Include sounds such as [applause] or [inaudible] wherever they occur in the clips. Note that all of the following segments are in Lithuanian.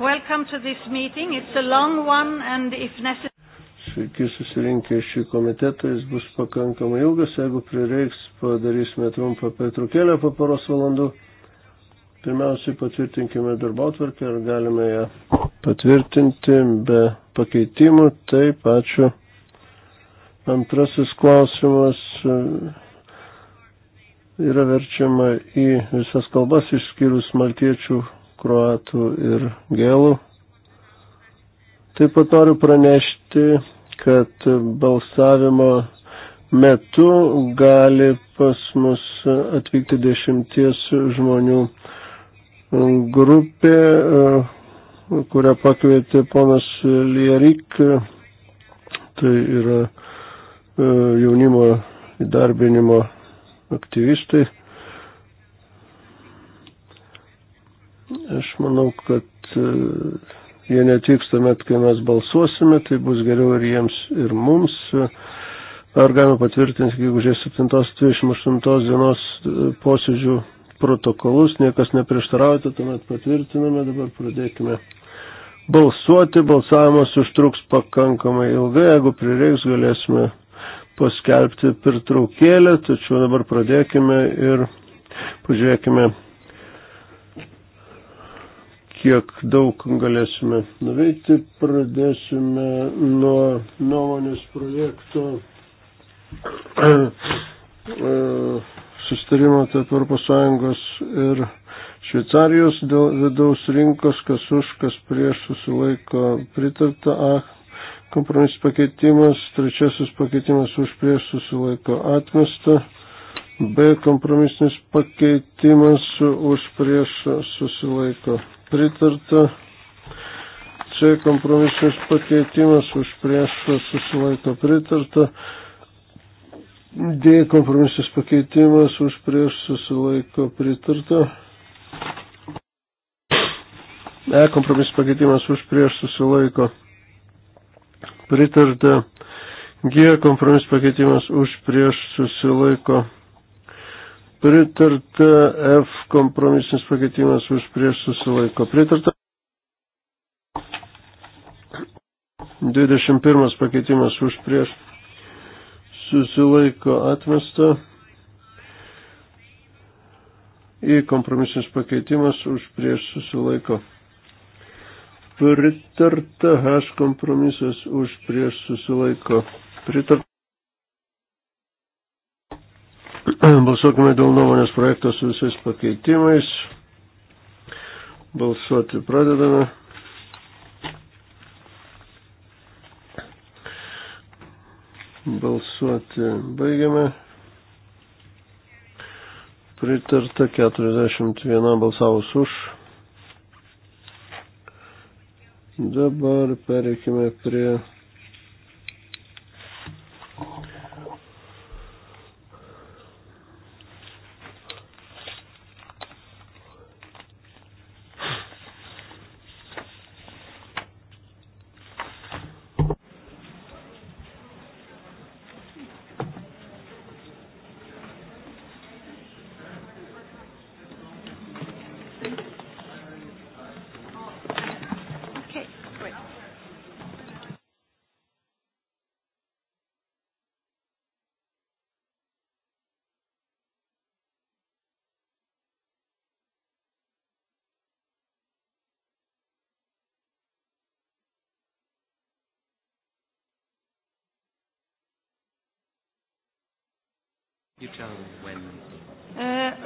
Welcome to this meeting. It's a long one and if necessary. Sveiki susirinkę šį komitetą, jis bus pakankamai ilgas, jeigu prireiks, padarysime trumpą pertraukėlę po poros valandų. Pirmiausiai patvirtinkime darbo atvarkę, ar galime ją patvirtinti be pakeitimų. Taip, ačiū. Antrasis klausimas e, yra verčiama į visas kalbas išskyrus maltiečių kruatų ir gėlų. Taip pat noriu pranešti, kad balsavimo metu gali pas mus atvykti dešimties žmonių grupė, kurią pakvietė ponas Lierik, tai yra e, jaunimo įdarbinimo aktyvistai. Aš manau, kad e, jie netiks tuomet, kai mes balsuosime, tai bus geriau ir jiems, ir mums. Ar galime patvirtinti, jeigu žiūrės 7-28 dienos e, posėdžių protokolus, niekas neprieštaraujate, tai tuomet patvirtiname, dabar pradėkime balsuoti, balsavimas užtruks pakankamai ilgai, jeigu prireiks galėsime paskelbti pertraukėlę, tačiau dabar pradėkime ir pažiūrėkime kiek daug galėsime nuveikti. Pradėsime nuo nuomonės projekto e, sustarimo tarp Europos Sąjungos ir Šveicarijos dėl vidaus rinkos, kas už, kas prieš susilaiko pritarta. A, kompromisas pakeitimas, trečiasis pakeitimas už prieš susilaiko atmesta. B, kompromisinis pakeitimas už prieš susilaiko atmesta pritarta. C kompromisinis pakeitimas už prieš susilaiko pritarta. D kompromisinis pakeitimas už prieš susilaiko pritarta. E kompromisinis pakeitimas už prieš susilaiko pritarta. G kompromisinis pakeitimas už prieš susilaiko pritarta. Pritarta F kompromisinis pakeitimas už prieš susilaiko. Pritarta 21 pakeitimas už prieš susilaiko atmesta. Į kompromisinis pakeitimas už prieš susilaiko. Pritarta H kompromisas už prieš susilaiko. Pritarta. [clears throat] Balsuokime dėl nuomonės projekto su visais pakeitimais. Balsuoti pradedame. Balsuoti baigiame. Pritarta 41 balsavus už. Dabar pereikime prie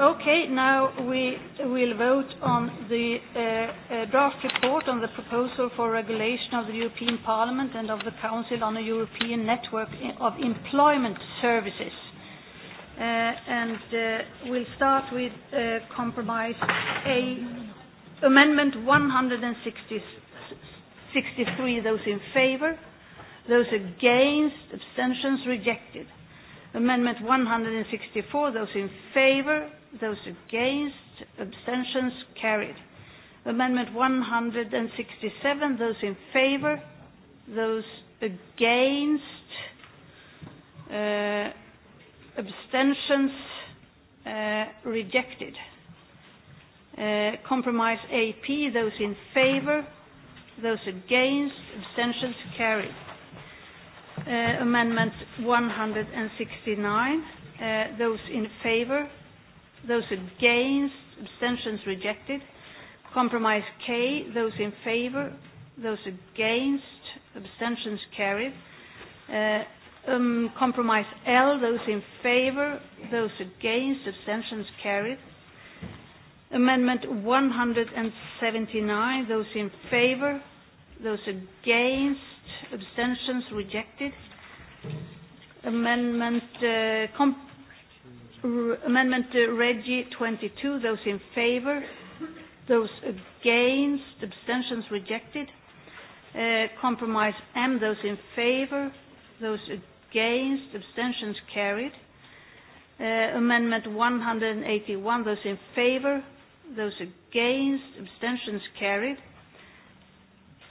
Okay, now we will vote on the uh, uh, draft report on the proposal for regulation of the European Parliament and of the Council on a European network of employment services. Uh, and uh, we'll start with uh, compromise A, amendment 163. Those in favor, those against, abstentions rejected. Amendment 164, those in favor, Those against, abstentions carried. Amendment 167, those in favor, those against, uh, abstentions uh, rejected. Uh, compromise AP, those in favor, those against, abstentions carried. Uh, amendment 169, uh, those in favor, Those against, abstentions rejected. Compromise K, those in favor, those against, abstentions carried. Uh, um, compromise L, those in favor, those against, abstentions carried. Amendment 179, those in favor, those against, abstentions rejected. Amendment uh, comp Amendment uh, Reggie 22, those in favor, those against, abstentions rejected. Uh, compromise M, those in favor, those against, abstentions carried. Uh, amendment 181, those in favor, those against, abstentions carried.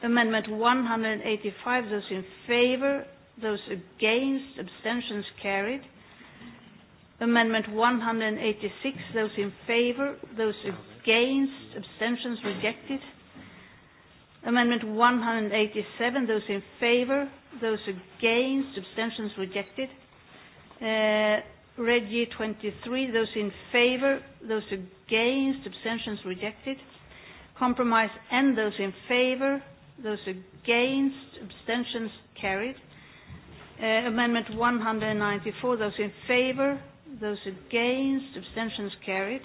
Amendment 185, those in favor, those against, abstentions carried. Uh, Amendment 186, those in favor, those against, abstentions rejected. Amendment 187, those in favor, those against, abstentions rejected. Uh, Regi 23, those in favor, those against, abstentions rejected. Compromise N, those in favor, those against, abstentions carried. Uh, amendment 194, those in favor, Those against, abstentions carried.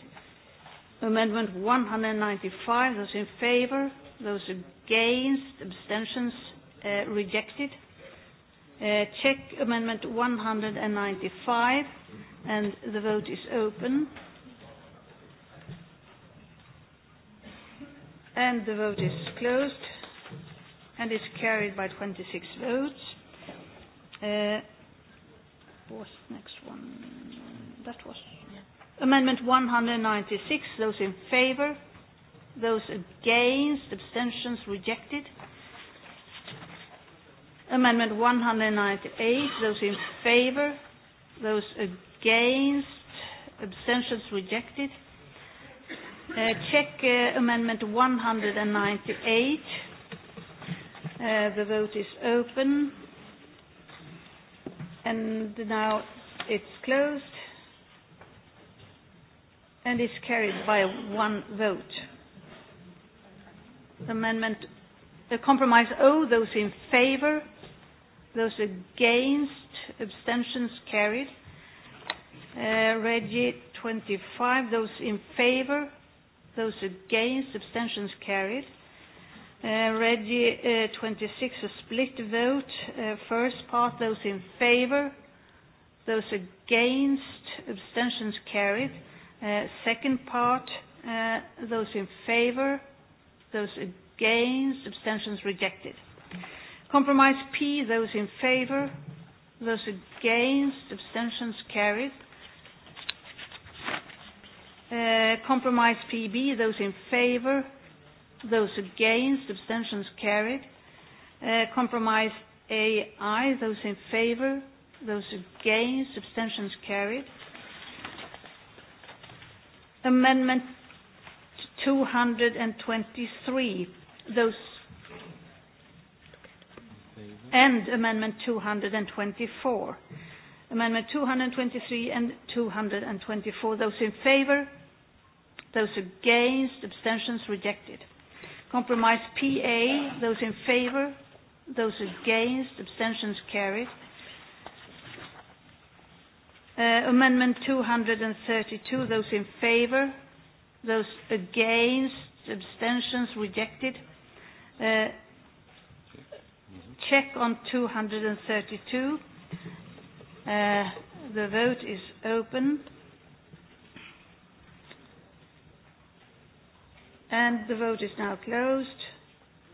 Amendment 195, those in favor, those against, abstentions uh, rejected. Uh, check Amendment 195, and the vote is open. And the vote is closed, and is carried by 26 votes. Uh, what's next one? that was. Yeah. Amendment 196, those in favor, those against, abstentions rejected. Amendment 198, those in favor, those against, abstentions rejected. Uh, check uh, amendment 198. Uh, the vote is open. And now it's closed and is carried by one vote. Amendment, the compromise O, those in favor, those against, abstentions carried. Uh, Regi 25, those in favor, those against, abstentions carried. Uh, Regi uh, 26, a split vote. Uh, first part, those in favor, those against, abstentions carried Uh, second part, uh, those in favor, those against, abstentions rejected. Compromise P, those in favor, those against, abstentions carried. Uh, compromise PB, those in favor, those against, abstentions carried. Uh, compromise AI, those in favor, those against, abstentions carried. Uh, Amendment 223, those and Amendment 224. Amendment 223 and 224, those in favor, those against, abstentions rejected. Compromise PA, those in favor, those against, abstentions carried. Uh, amendment 232, those in favor, those against, abstentions rejected. Uh, check on 232. Uh, the vote is open. And the vote is now closed,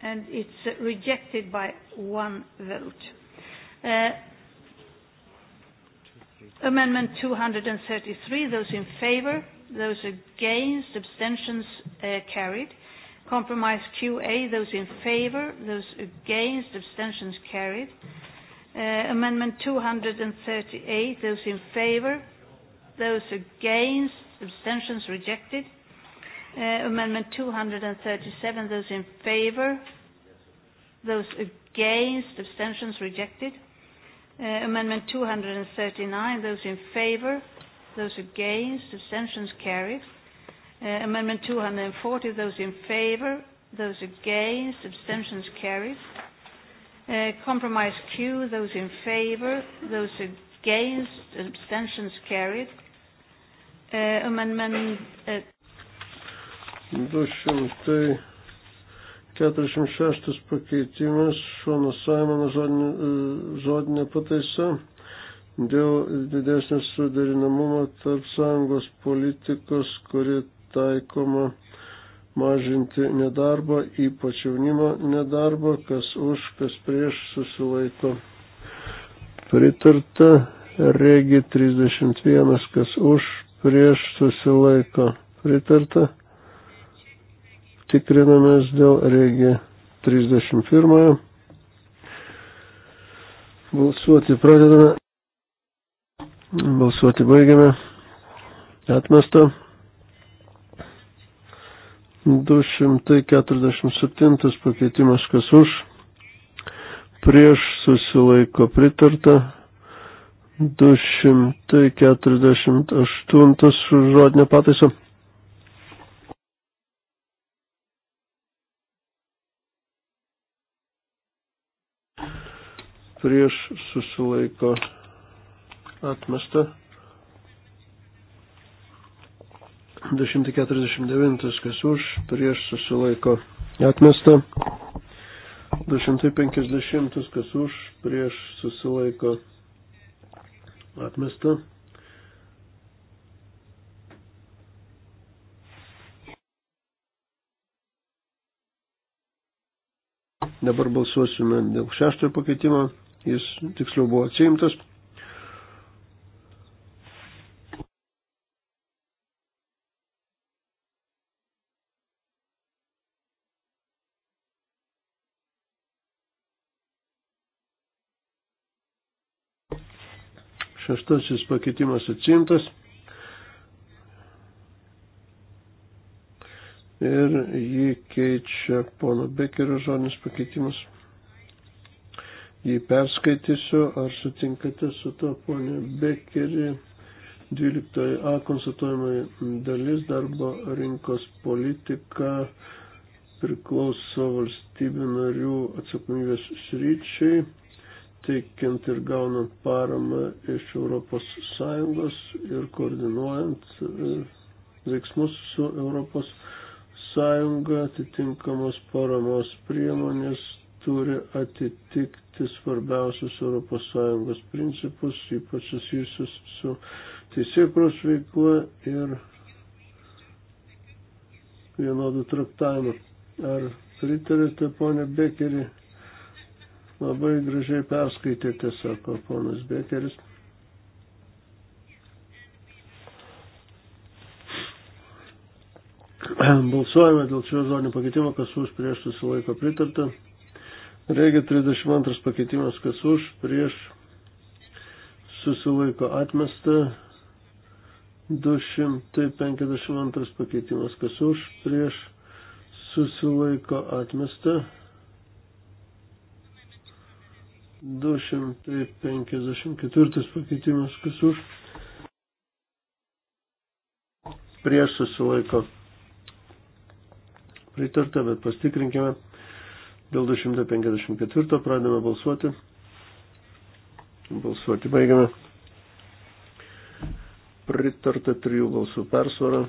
and it's rejected by one vote. Uh, Amendment 233, those in favor, those against, abstentions uh, carried. Compromise QA, those in favor, those against, abstentions carried. Uh, amendment 238, those in favor, those against, abstentions rejected. Uh, amendment 237, those in favor, those against, abstentions rejected. Uh, Uh, amendment 239, those in favor, those against, abstentions carried. Uh, amendment 240, those in favor, those against, abstentions carried. Uh, compromise Q, those in favor, those against, abstentions carried. Uh, amendment uh, 200. 46 pakeitimas, šonas Saimano žodinė, e, žodinė pataisa dėl didesnio suderinamumo tarp sąjungos politikos, kuri taikoma mažinti nedarbą, ypač jaunimo nedarbą, kas už, kas prieš susilaiko. Pritarta regi 31, kas už, prieš susilaiko. Pritarta tikrinamės dėl regi 31. Balsuoti pradedame. Balsuoti baigiame. Atmesta. 247 pakeitimas kas už. Prieš susilaiko pritarta. 248 su žodinė pataisa prieš susilaiko atmesta. 249, kas už, prieš susilaiko atmesta. 250, kas už, prieš susilaiko atmesta. Dabar balsuosime dėl šeštojo pakeitimo jis tiksliau buvo atsiimtas. Šeštasis pakeitimas atsimtas. Ir jį keičia pono Bekerio žodinis pakeitimas jį perskaitysiu. Ar sutinkate su to, ponė Bekeri? 12a konstatuojamai dalis darbo rinkos politika priklauso valstybių narių atsakomybės sryčiai, teikiant ir gaunant paramą iš ES ir koordinuojant e, veiksmus su ES atitinkamos paramos priemonės turi atitikti svarbiausius ES principus, ypač susijusius su teisėkros veikla ir vienodų traktavimų. Ar pritarėte, ponė Bekeri? Labai gražiai perskaitėte, sako ponas Bekeris. Balsuojame dėl šio žodinio pakeitimo, kas už prieš susilaiko pritarta. Regi 32 pakeitimas, kas už, prieš, susilaiko atmesta. 252 pakeitimas, kas už, prieš, susilaiko atmesta. 254 pakeitimas, kas už, prieš susilaiko. Pritarta, bet pastikrinkime. Dėl 254 pradėme balsuoti. Balsuoti baigiame. Pritarta trijų balsų persvara.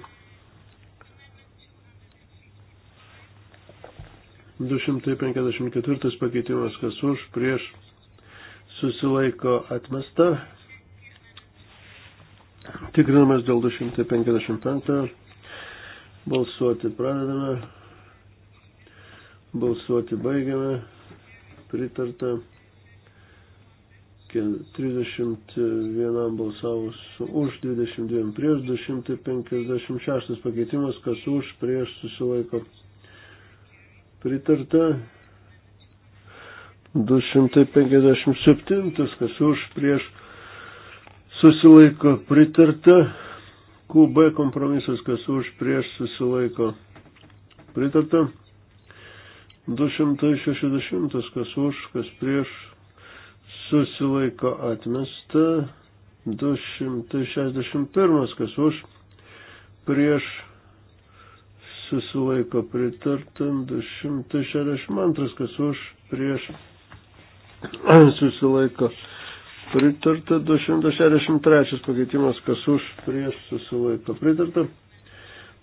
254 pakeitimas, kas už, prieš, susilaiko atmesta. Tikrinamas dėl 255. Balsuoti pradedame. Balsuoti baigiame. Pritarta. 31 balsavus už, 22 prieš, 256 pakeitimas, kas už, prieš susilaiko. Pritarta 257, kas už, prieš susilaiko. Pritarta QB kompromisas, kas už, prieš susilaiko. Pritarta 260, kas už, kas prieš, susilaiko atmesta. 261, kas už, prieš, susilaiko pritartam. 262, kas už, prieš, susilaiko pritarta. 263 pakeitimas, kas už, prieš, susilaiko pritarta.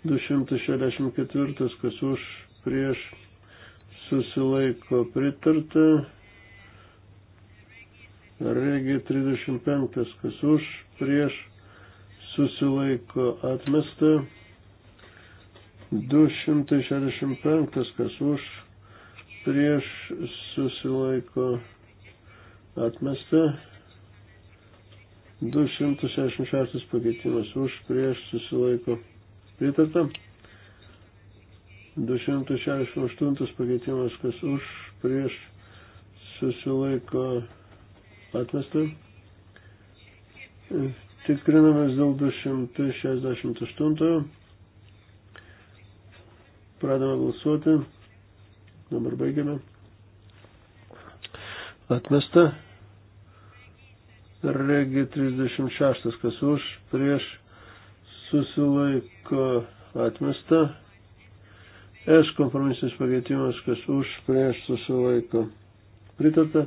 264, kas už, prieš, susilaiko pritarta. Regi 35, kas už, prieš, susilaiko atmesta. 265, kas už, prieš, susilaiko atmesta. 266 pakeitimas už, prieš, susilaiko pritarta. 268 pakeitimas, kas už, prieš, susilaiko atmestą. Tikrinamės dėl 268. Pradame balsuoti. Dabar baigiame. Atmesta. Regi 36, kas už, prieš, susilaiko atmesta. S kompromisinis pakeitimas, kas už, prieš susilaiko. Pritarta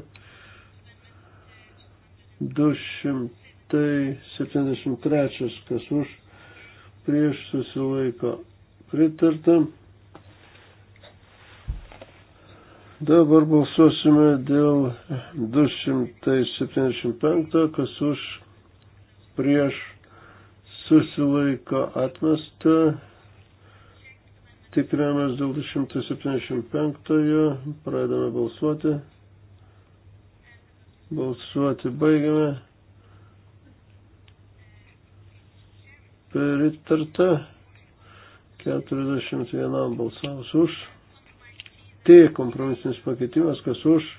273, kas už, prieš susilaiko. Pritarta. Dabar balsuosime dėl 275, kas už, prieš susilaiko atmestą. Tikrinamės dėl 275-ojo, pradedame balsuoti. Balsuoti baigiame. Pritarta 41 balsavus už. T kompromisinis pakeitimas, kas už,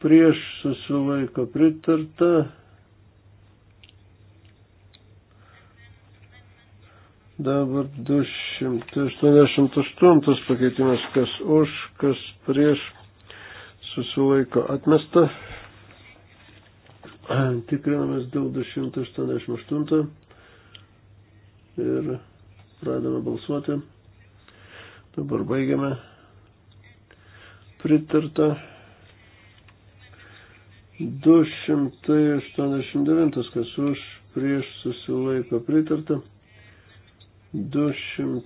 prieš susilaiko pritarta Dabar 288 pakeitimas, kas už, kas prieš susilaiko atmesta. Tikrinamės dėl 288 ir pradame balsuoti. Dabar baigiame. Pritarta. 289, kas už, prieš susilaiko pritarta. 290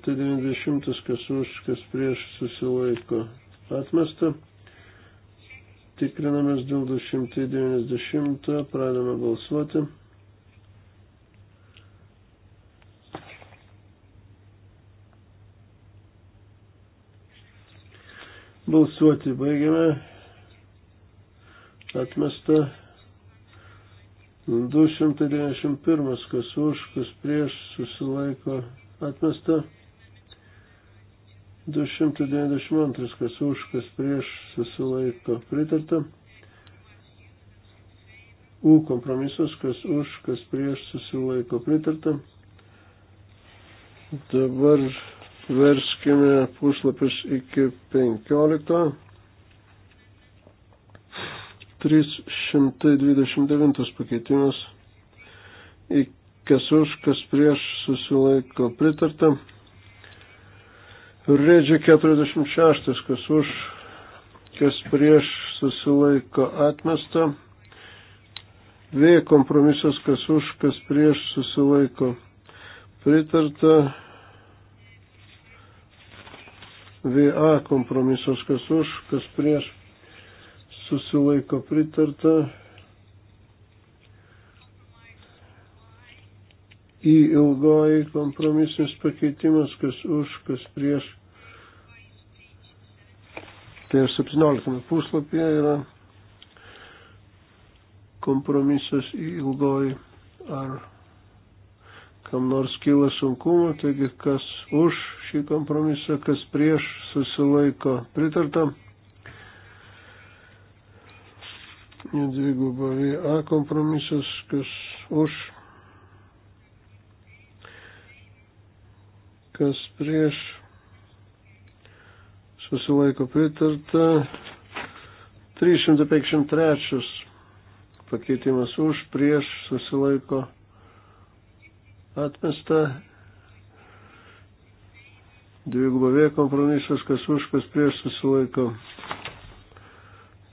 kas už, kas prieš susilaiko atmesta. Tikrinamės dėl 290, pradame balsuoti. Balsuoti baigiame. Atmesta 291, kas už, kas prieš susilaiko atmesta atmesta. 292, kas už, kas prieš, susilaiko pritarta. U kompromisas, kas už, kas prieš, susilaiko pritarta. Dabar verskime puslapius iki 15. 329 pakeitimas iki kas už, kas prieš susilaiko pritarta. Rėdžia 46, kas už, kas prieš susilaiko atmesta. V kompromisas, kas už, kas prieš susilaiko pritarta. VA kompromisas, kas už, kas prieš susilaiko pritarta. į ilgoji kompromisinis pakeitimas, kas už, kas prieš. Tai 17 puslapyje yra kompromisas į ilgoji. Ar kam nors kyla sunkumo, taigi kas už šį kompromisą, kas prieš susilaiko pritarta. Dvigubai A kompromisas, kas už kas prieš susilaiko pritarta. 353 pakeitimas už, prieš susilaiko atmesta. Dvigubavė kompromisas, kas už, kas prieš susilaiko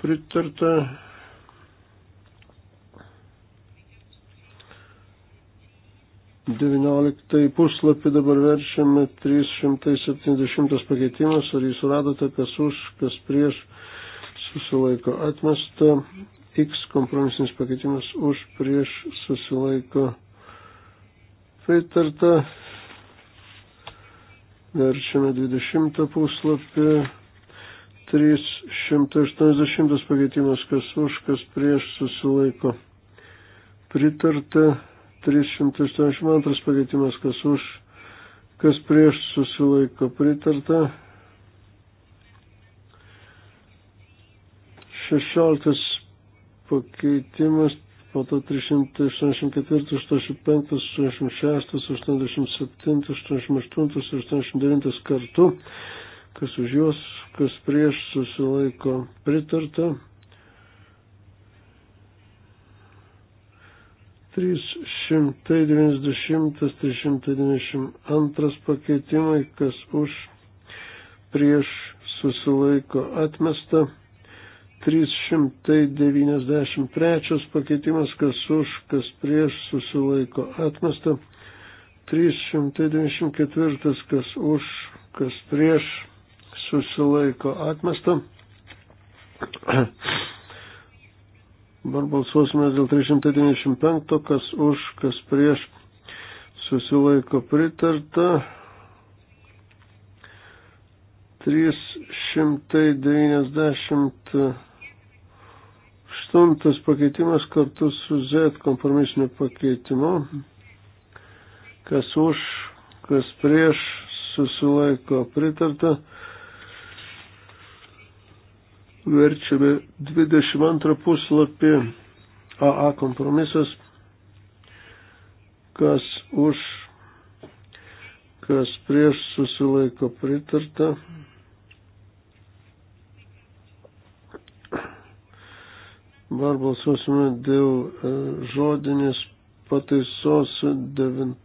pritarta. 19 puslapį dabar verčiame 370 pakeitimas, ar jūs radote, kas už, kas prieš, susilaiko atmesta, X kompromisinis pakeitimas už, prieš, susilaiko pritarta, verčiame 20 puslapį, 380 pakeitimas, kas už, kas prieš, susilaiko pritarta. 382 pakeitimas, kas už, kas prieš susilaiko pritarta. 16 pakeitimas, po to 384, 85, 86, 87, 88 ir 89 kartu, kas už juos, kas prieš susilaiko pritarta. 390-392 pakeitimai, kas už prieš susilaiko atmesta. 393 pakeitimas, kas už, kas prieš susilaiko atmesta. 394, kas už, kas prieš susilaiko atmesta. Dabar balsuosime dėl 395, kas už, kas prieš susilaiko pritarta. 398 pakeitimas kartu su Z kompromisiniu pakeitimu. Kas už, kas prieš susilaiko pritarta verčiame 22 puslapį AA kompromisas, kas už, kas prieš susilaiko pritarta. Dabar balsuosime dėl e, žodinės pataisos 9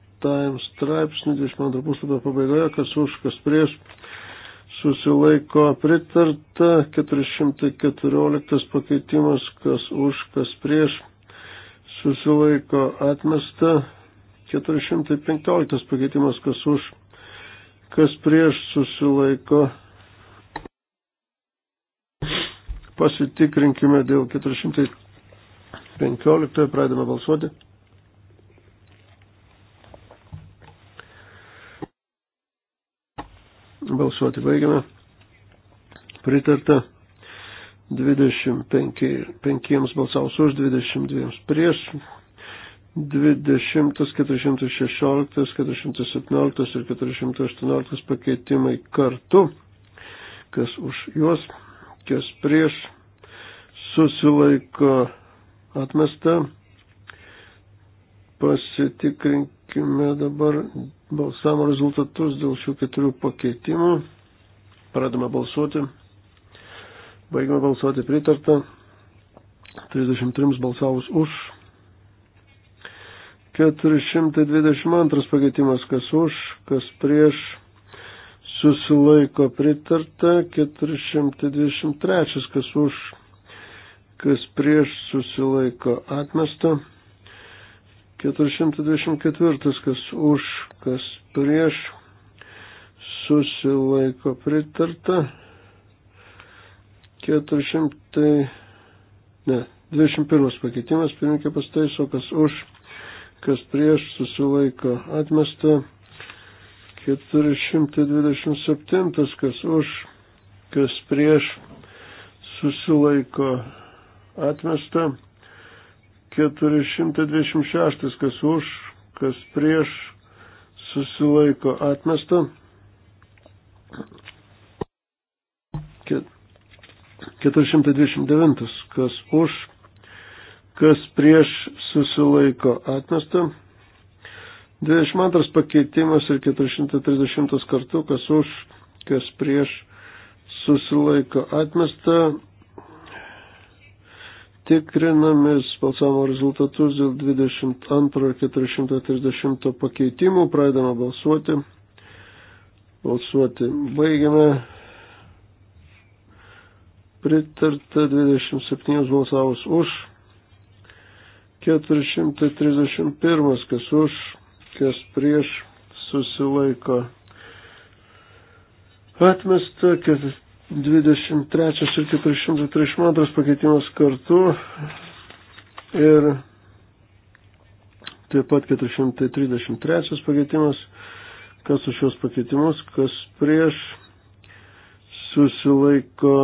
straipsnių 22 puslapio pabaigoje, kas už, kas prieš susilaiko pritarta, 414 pakeitimas, kas už, kas prieš, susilaiko atmesta, 415 pakeitimas, kas už, kas prieš, susilaiko. Pasitikrinkime dėl 415, pradėme balsuoti. Balsuoti baigiame. Pritarta 25 balsaus už, 22 prieš. 20, 416, 417 ir 418 pakeitimai kartu. Kas už juos, kas prieš, susilaiko atmesta. Pasitikrinkime Patikrinkime dabar balsavimo rezultatus dėl šių keturių pakeitimų. Pradame balsuoti. Baigime balsuoti pritartą. 33 balsavus už. 422 pakeitimas kas už, kas prieš. Susilaiko pritarta. 423 kas už, kas prieš susilaiko atmesta. 424, kas už, kas prieš, susilaiko pritarta. 400, ne, 21 pakeitimas, pirmininkė pastaiso, kas už, kas prieš, susilaiko atmesta. 427, kas už, kas prieš, susilaiko atmesta. 426, kas už, kas prieš, susilaiko atmesta. 429, kas už, kas prieš, susilaiko atmesta. 22 pakeitimas ir 430 kartu, kas už, kas prieš, susilaiko atmesta tikrinamės balsavimo rezultatus dėl 22 ir 430 pakeitimų. Pradedame balsuoti. Balsuoti baigiame. Pritarta 27 balsavus už. 431 kas už, kas prieš susilaiko. Atmesta 23 ir 432 pakeitimas kartu ir taip pat 433 pakeitimas, kas už šios pakeitimus, kas prieš susilaiko,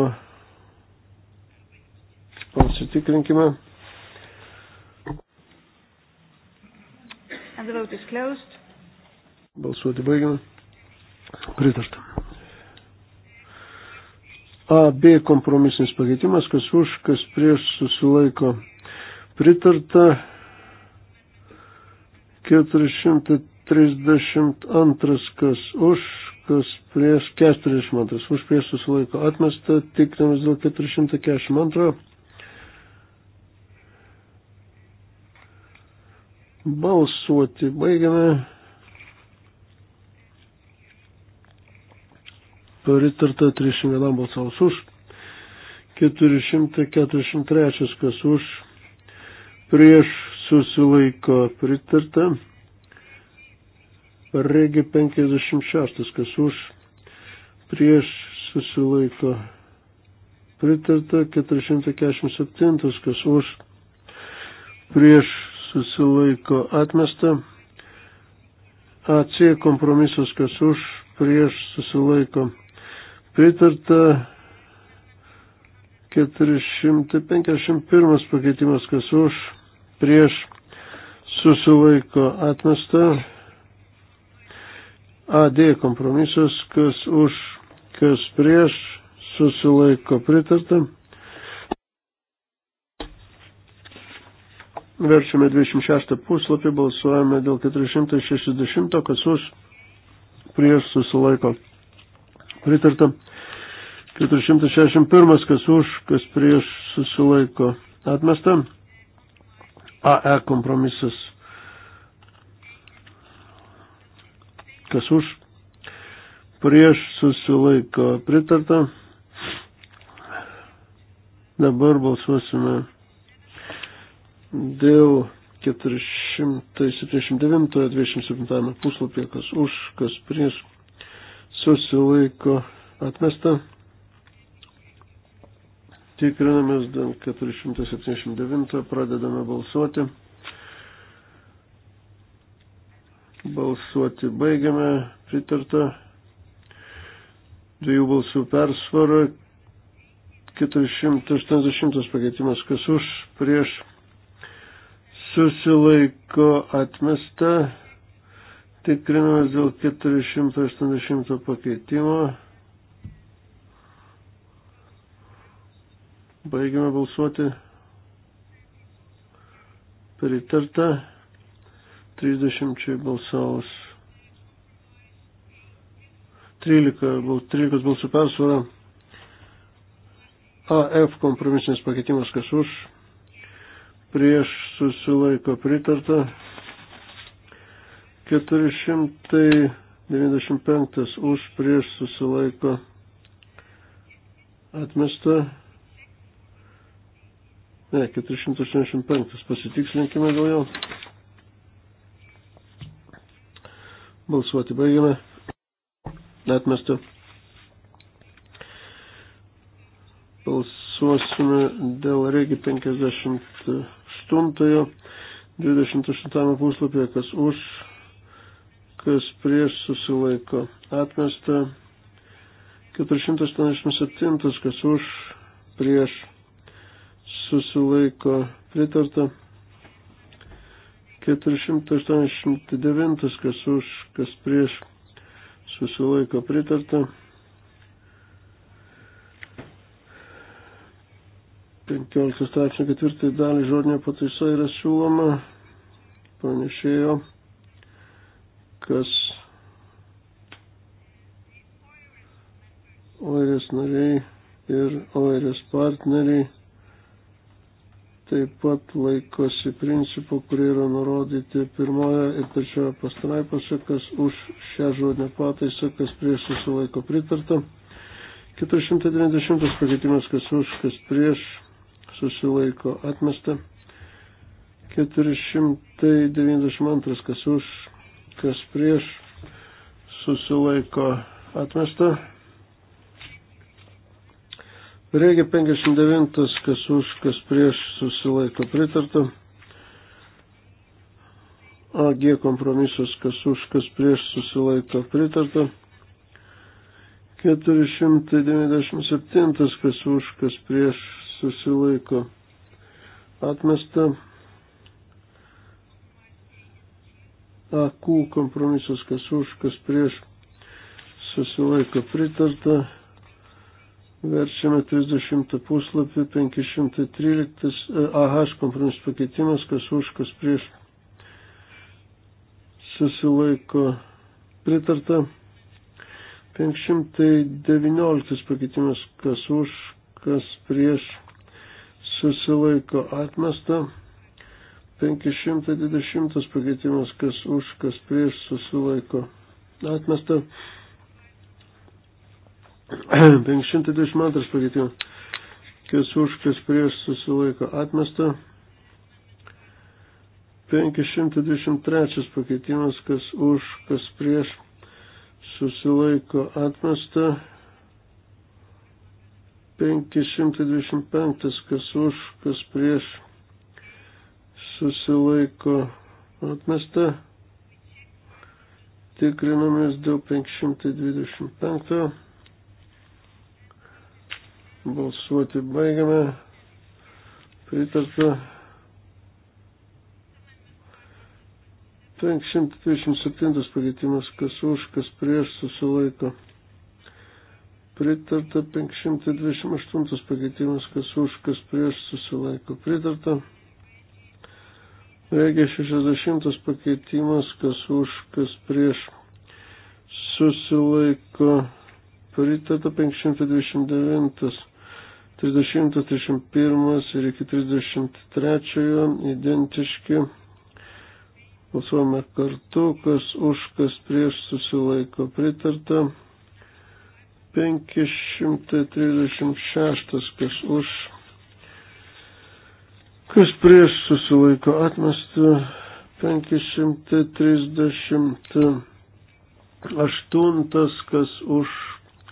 pasitikrinkime. Balsuoti baigiame. Pritartam. AB kompromisinis pakeitimas, kas už, kas prieš susilaiko pritarta. 432, kas už, kas prieš 42, už prieš susilaiko atmesta, tikrinamas dėl 442. Balsuoti baigiame. pritarta 301 balsavus už, 443 kas už, prieš susilaiko pritarta, regi 56 kas už, prieš susilaiko pritarta, 447 kas už, prieš susilaiko atmesta. AC kompromisas, kas už, prieš susilaiko Pritarta 451 pakeitimas, kas už, prieš, susilaiko atmesta. AD kompromisas, kas už, kas prieš, susilaiko pritarta. Verčiame 26 puslapį, balsuojame dėl 460, kas už, prieš susilaiko pritarta. 461, kas už, kas prieš susilaiko atmesta. AE kompromisas. Kas už, prieš susilaiko pritarta. Dabar balsuosime dėl 479-27 puslapyje, kas už, kas prieš susilaiko atmesta. Tikrinamės dėl 479, pradedame balsuoti. Balsuoti baigiame, pritarta. Dviejų balsų persvara, 480 pakeitimas, kas už, prieš, susilaiko atmesta. Tikrinamės dėl 480 pakeitimo. Baigime balsuoti. Pritarta. 30 balsavus. 13, 13 balsų persvara. AF kompromisinis pakeitimas kas už. Prieš susilaiko pritarta. 495 už prieš susilaiko atmesta. Ne, 485. Pasitikslinkime dėl jo. Balsuoti baigiame. Atmesta. Balsuosime dėl regi 58. 28 puslapyje, kas už kas prieš susilaiko. Atmesta 487, kas už prieš susilaiko. Pritarta 489, kas už, kas prieš susilaiko. Pritarta 15 straipsnio ketvirtai dalį žodinė pataisa yra siūloma pranešėjo kas OIRES nariai ir OIRES partneriai taip pat laikosi principų, kurie yra nurodyti pirmoje ir trečioje pastraipose, kas už šią žodinę pataisą, kas prieš susilaiko pritarta. 490 pakeitimas, kas už, kas prieš susilaiko atmesta. 492 kas už, kas prieš susilaiko atmesta. Reikia 59, kas už, kas prieš susilaiko pritarta. AG kompromisas, kas už, kas prieš susilaiko pritarta. 497, kas už, kas prieš susilaiko atmesta. AQ kompromisas, kas už, kas prieš, susilaiko pritarta. Verčiame 30 puslapį, 513 AH kompromisas pakeitimas, kas už, kas prieš, susilaiko pritarta. 519 pakeitimas, kas už, kas prieš, susilaiko atmesta. 520 pakeitimas, kas už, kas prieš susilaiko. Atmesta. 522 [clears throat] pakeitimas, kas už, kas prieš susilaiko. Atmesta. 523 pakeitimas, kas už, kas prieš susilaiko. Atmesta. 525, kas už, kas prieš susilaiko atmesta. Tikrinamės dėl 525. Balsuoti baigiame. Pritarta. 527 pakeitimas, kas už, kas prieš susilaiko. Pritarta 528 pakeitimas, kas už, kas prieš susilaiko. Pritarta Reikia 60 pakeitimas, kas už, kas prieš susilaiko. Pariteta 529, 30, 31 ir iki 33 identiški. Balsuojame kartu, kas už, kas prieš susilaiko pritarta. 536, kas už Kas prieš susilaiko atmestą 538, kas už,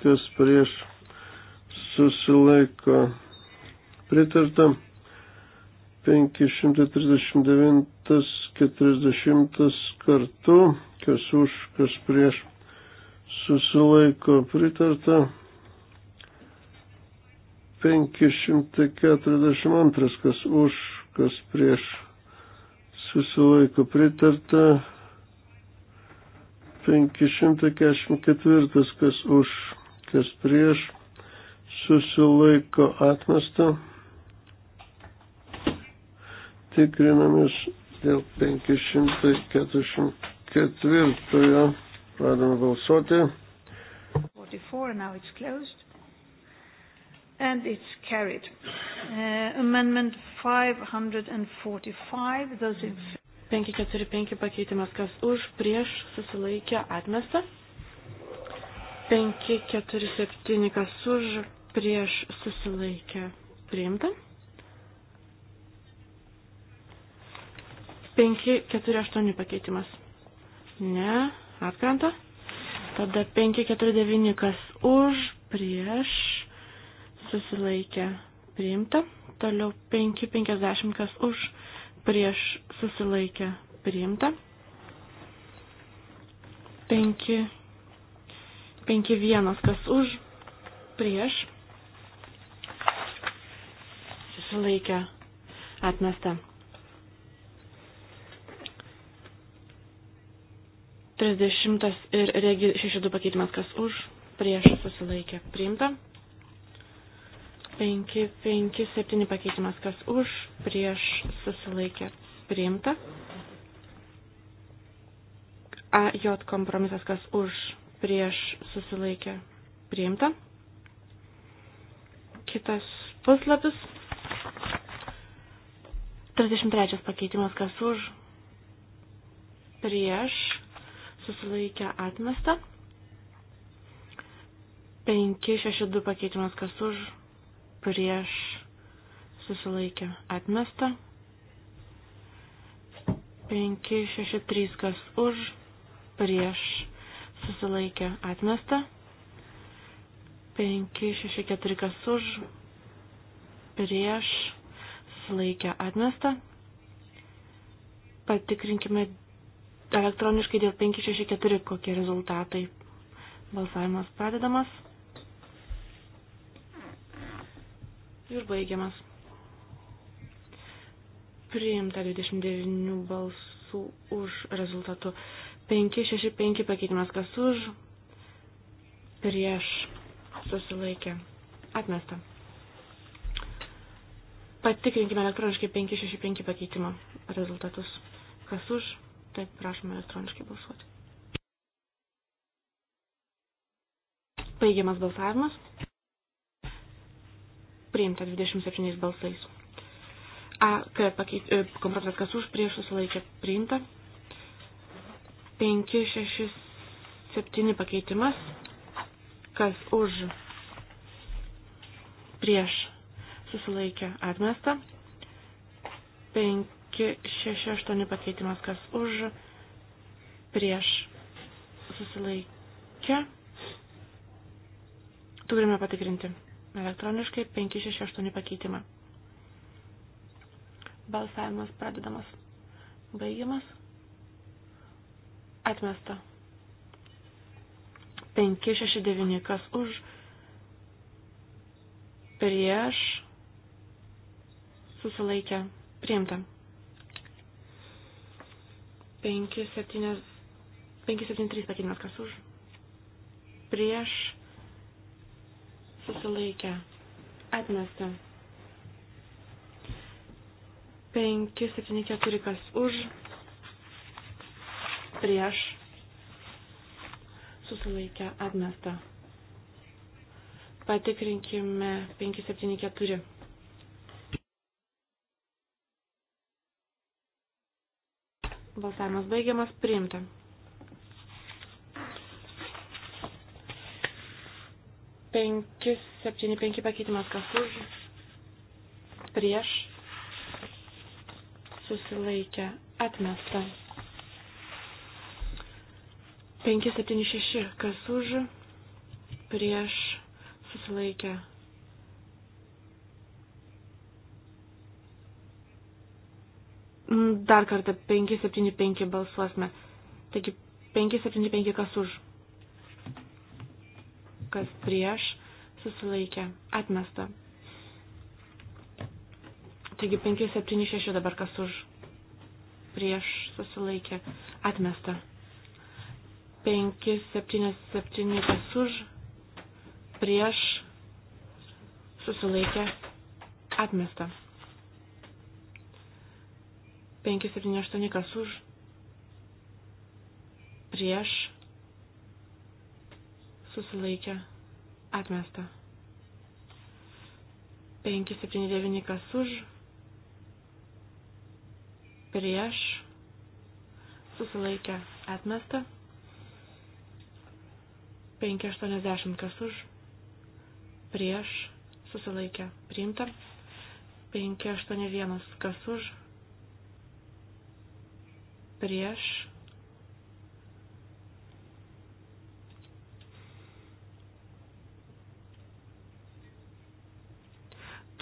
kas prieš susilaiko pritarta 539, 40 kartu, kas už, kas prieš susilaiko pritarta 542, kas už, kas prieš susilaiko pritarta. 544, kas už, kas prieš susilaiko atmesta. Tikrinamės dėl 544. Pradame balsuoti. 44, now it's closed and it's carried. Uh, amendment 545, those in 545 pakeitimas, kas už, prieš, susilaikė, atmesta. 547, kas už, prieš, susilaikė, priimta. 548 pakeitimas. Ne, atkrenta. Tada 549, kas už, prieš, susilaikė priimta. Toliau 5.50, kas už, prieš susilaikė priimta. 5.51, kas už, prieš susilaikė atmesta. 30 ir regi 6.2 pakeitimas, kas už, prieš susilaikė priimta. 5, 5, 7 pakeitimas, kas už, prieš susilaikė priimta. AJ kompromisas, kas už, prieš susilaikė priimta. Kitas puslapis. 33 pakeitimas, kas už, prieš susilaikė atmesta. 5, 6, 2 pakeitimas, kas už, prieš susilaikė atmesta. 5, 6, 3, kas už, prieš susilaikė atmesta. 5, 6, 4, kas už, prieš susilaikė atmesta. Patikrinkime elektroniškai dėl 564 kokie rezultatai. Balsavimas pradedamas. ir baigiamas. Priimta 29 balsų už rezultatų. 565 pakeitimas kas už, prieš susilaikė, atmesta. Patikrinkime elektroniškai 565 pakeitimo rezultatus. Kas už, taip prašome elektroniškai balsuoti. Baigiamas balsavimas priimta 27 balsais. A, K, pakeit, e, kompromisas kas už, prieš susilaikė priimta. 5, 6, 7 pakeitimas. Kas už, prieš susilaikė atmesta. 5, 6, 8 pakeitimas. Kas už, prieš susilaikė. Turime patikrinti. Elektroniškai 568 pakeitimą. Balsavimas pradedamas. Baigiamas. Atmesta. 569 kas už. Prieš. Susilaikę. Priimta. 573 pakeitimas kas už. Prieš susilaikė, atmesta. 5, 7, 4, kas už, prieš, susilaikė, atmesta. Patikrinkime 5, 7, 4. Balsavimas baigiamas, priimta. 575 pakeitimas kas už, prieš, susilaikė, atmesta. 576 kas už, prieš, susilaikė. Dar kartą 575 balsuosime. Taigi 575 kas už kas prieš, susilaikė, atmesta. Taigi 5, 7, 6 dabar kas už, prieš, susilaikė, atmesta. 5, 7, 7 kas už, prieš, susilaikė, atmesta. 5, 7, 8 kas už, prieš, susilaikė, atmesta. 579 kas už, prieš, susilaikė, atmesta. 580 kas už, prieš, susilaikė, priimta. 581 kas už, prieš,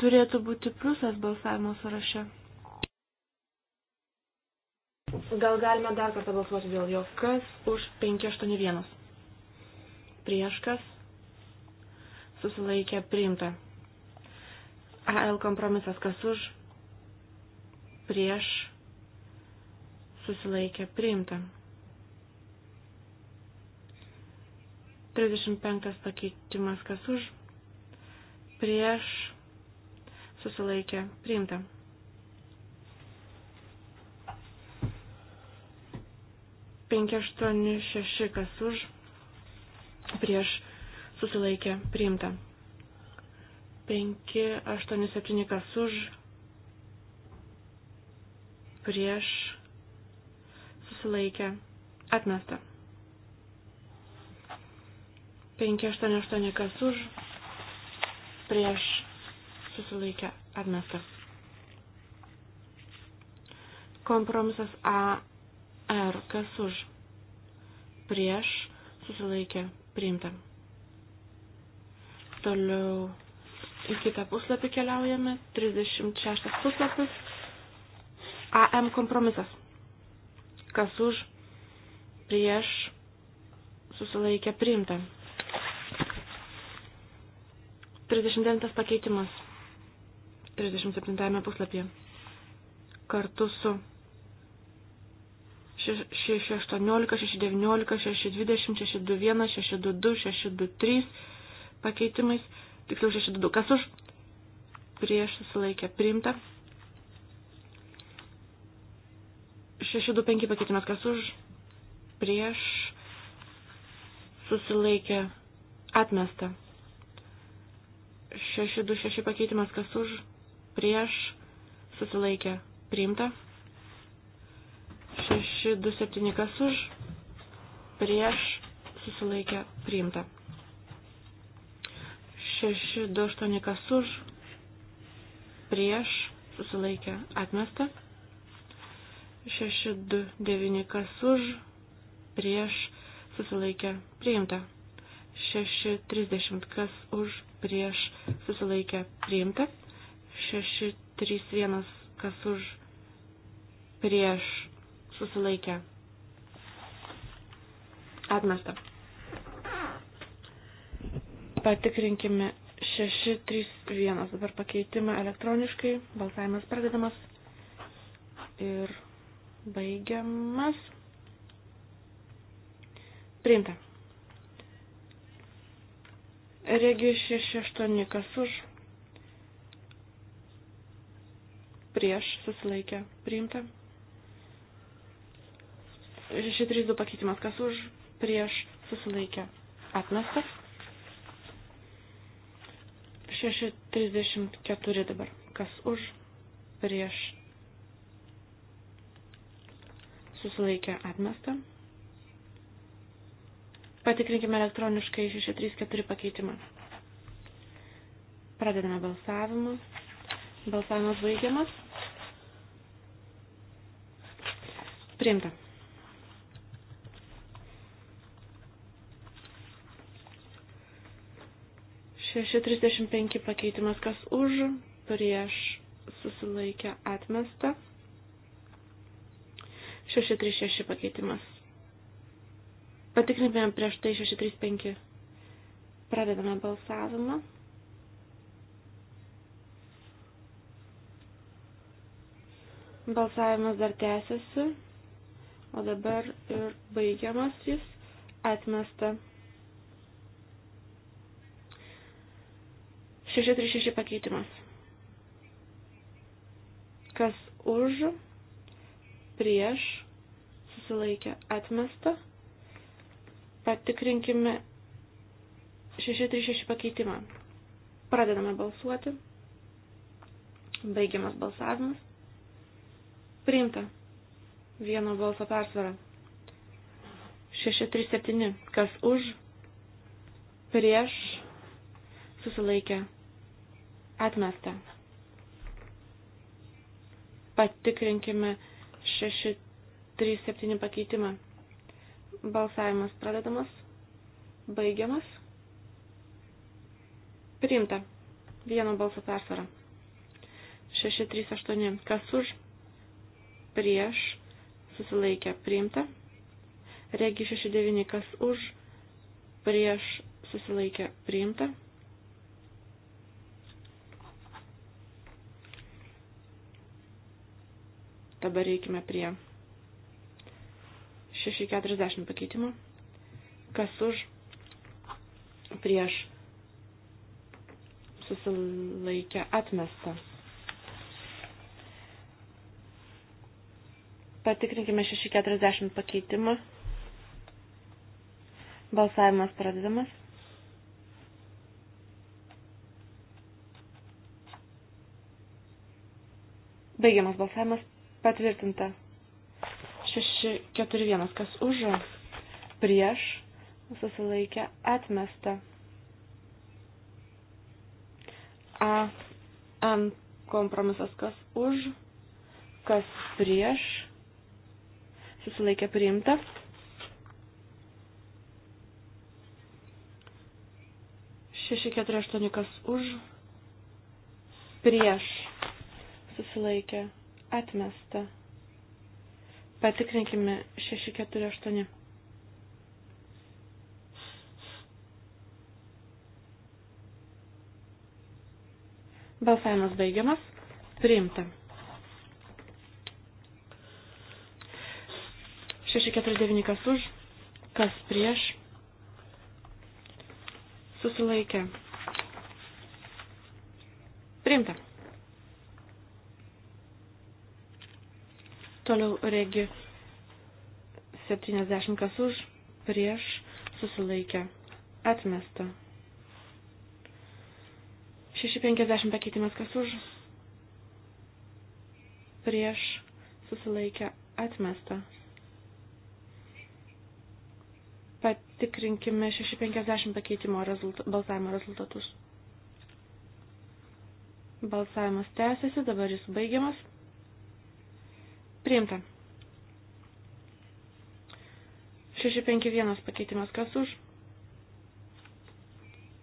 turėtų būti pliusas balsavimo sąraše. Gal galime dar kartą balsuoti dėl jo. Kas už 581? Prieš kas? Susilaikė priimta. AL kompromisas kas už? Prieš susilaikė priimta. 35 pakeitimas kas už? Prieš susilaikė, priimta. Penki aštuoni šeši, kas už, prieš, susilaikė, priimta. Penki aštuoni septyni, kas už, prieš, susilaikė, atmesta. 588 kas už, prieš susilaikė atmesta. Kompromisas AR, kas už, prieš, susilaikė, priimta. Toliau į kitą puslapį keliaujame, 36 puslapis, AM kompromisas. Kas už, prieš, susilaikė, priimta. 39 pakeitimas. 37 puslapyje. Kartu su 618, 619, 620, 621, 622, 623 pakeitimais, tiksliau 622, kas už prieš susilaikę priimta. 625 pakeitimas, kas už prieš susilaikę atmesta. 626 pakeitimas, kas už prieš, susilaikė, priimta. 627 kas už, prieš, susilaikė, priimta. 628 kas už, prieš, susilaikė, atmesta. 629 kas už, prieš, susilaikė, priimta. 630 kas už, prieš, susilaikė, priimta. 6, 3, 1, kas už prieš susilaikę. Atmesta. Patikrinkime 6, 3, 1. Dabar pakeitimą elektroniškai. Balsavimas pradedamas ir baigiamas. Priimta. Regi 6, 8, kas už prieš susilaikę priimta. 632 pakeitimas kas už prieš susilaikę atmestas. 634 dabar kas už prieš susilaikę atmestą. Patikrinkime elektroniškai 634 pakeitimą. Pradedame balsavimus. Balsavimas baigiamas. Priimta. Šeši trisdešimt penki pakeitimas, kas už, prieš, susilaikę, atmesta. Šeši trys šeši pakeitimas. Patikrinėm prieš tai šeši trys penki. Pradedame balsavimą. Balsavimas dar tęsiasi o dabar ir baigiamas jis atmesta. 636 pakeitimas. Kas už, prieš, susilaikė atmesta. Patikrinkime 636 pakeitimą. Pradedame balsuoti. Baigiamas balsavimas. Priimta. Vieno balso persvara. 637. Kas už, prieš, susilaikė, atmesta. Patikrinkime 637 pakeitimą. Balsavimas pradedamas, baigiamas, priimta. Vieno balso persvara. 638. Kas už, prieš, susilaikė priimta. Regi 69 kas už, prieš susilaikė priimta. Dabar reikime prie 640 pakeitimo. Kas už, prieš susilaikė atmesta. Patikrinkime 640 pakeitimą. Balsavimas pradedamas. Baigiamas balsavimas patvirtinta. 641, kas už, prieš, susilaikė, atmesta. A, N kompromisas, kas už, kas prieš, susilaikė priimta. Šeši keturi aštuoni kas už, prieš, susilaikė, atmesta. Patikrinkime šeši keturi aštuoni. Balsavimas baigiamas. Priimta. 649 kas už, kas prieš, susilaikė. Priimta. Toliau regi 70 kas už, prieš, susilaikė. Atmesta. 650 pakeitimas kas už, prieš, susilaikė. Atmesta. Tikrinkime 650 pakeitimo rezulta, balsavimo rezultatus. Balsavimas tęsiasi, dabar jis baigiamas. Priimta. 651 pakeitimas kas už?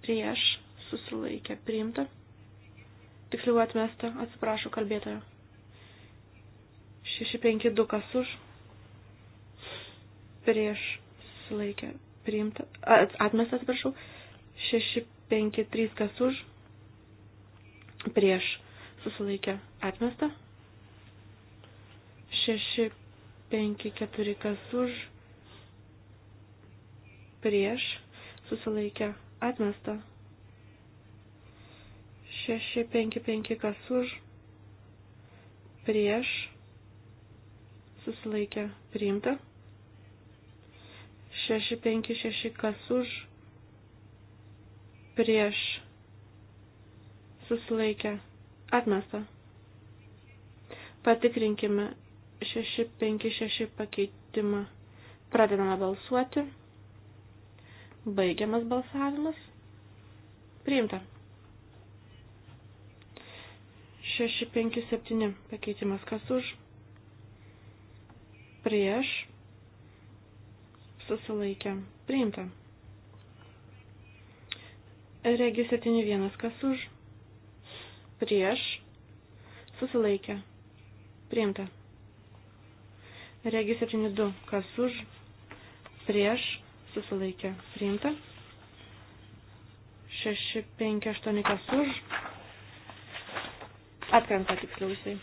Prieš susilaikė priimta. Tiksliau atmesta, atsiprašau kalbėtojo. 652 kas už? Prieš susilaikė priimta, atmestas, prašau, 653 kas už, prieš susilaikė atmestą, 654 kas už, prieš susilaikė atmestą, 655 kas už, prieš susilaikė priimta. 656 kas už, prieš, susilaikę, atmesta. Patikrinkime 656 pakeitimą. Pradedame balsuoti. Baigiamas balsavimas. Priimta. 657 pakeitimas kas už, prieš, susilaikė, priimta. Regi 71, kas už, prieš, susilaikė, priimta. Regi 72, kas už, prieš, susilaikė, priimta. 6, 5, 8, kas už, atkrenta tiksliausiai.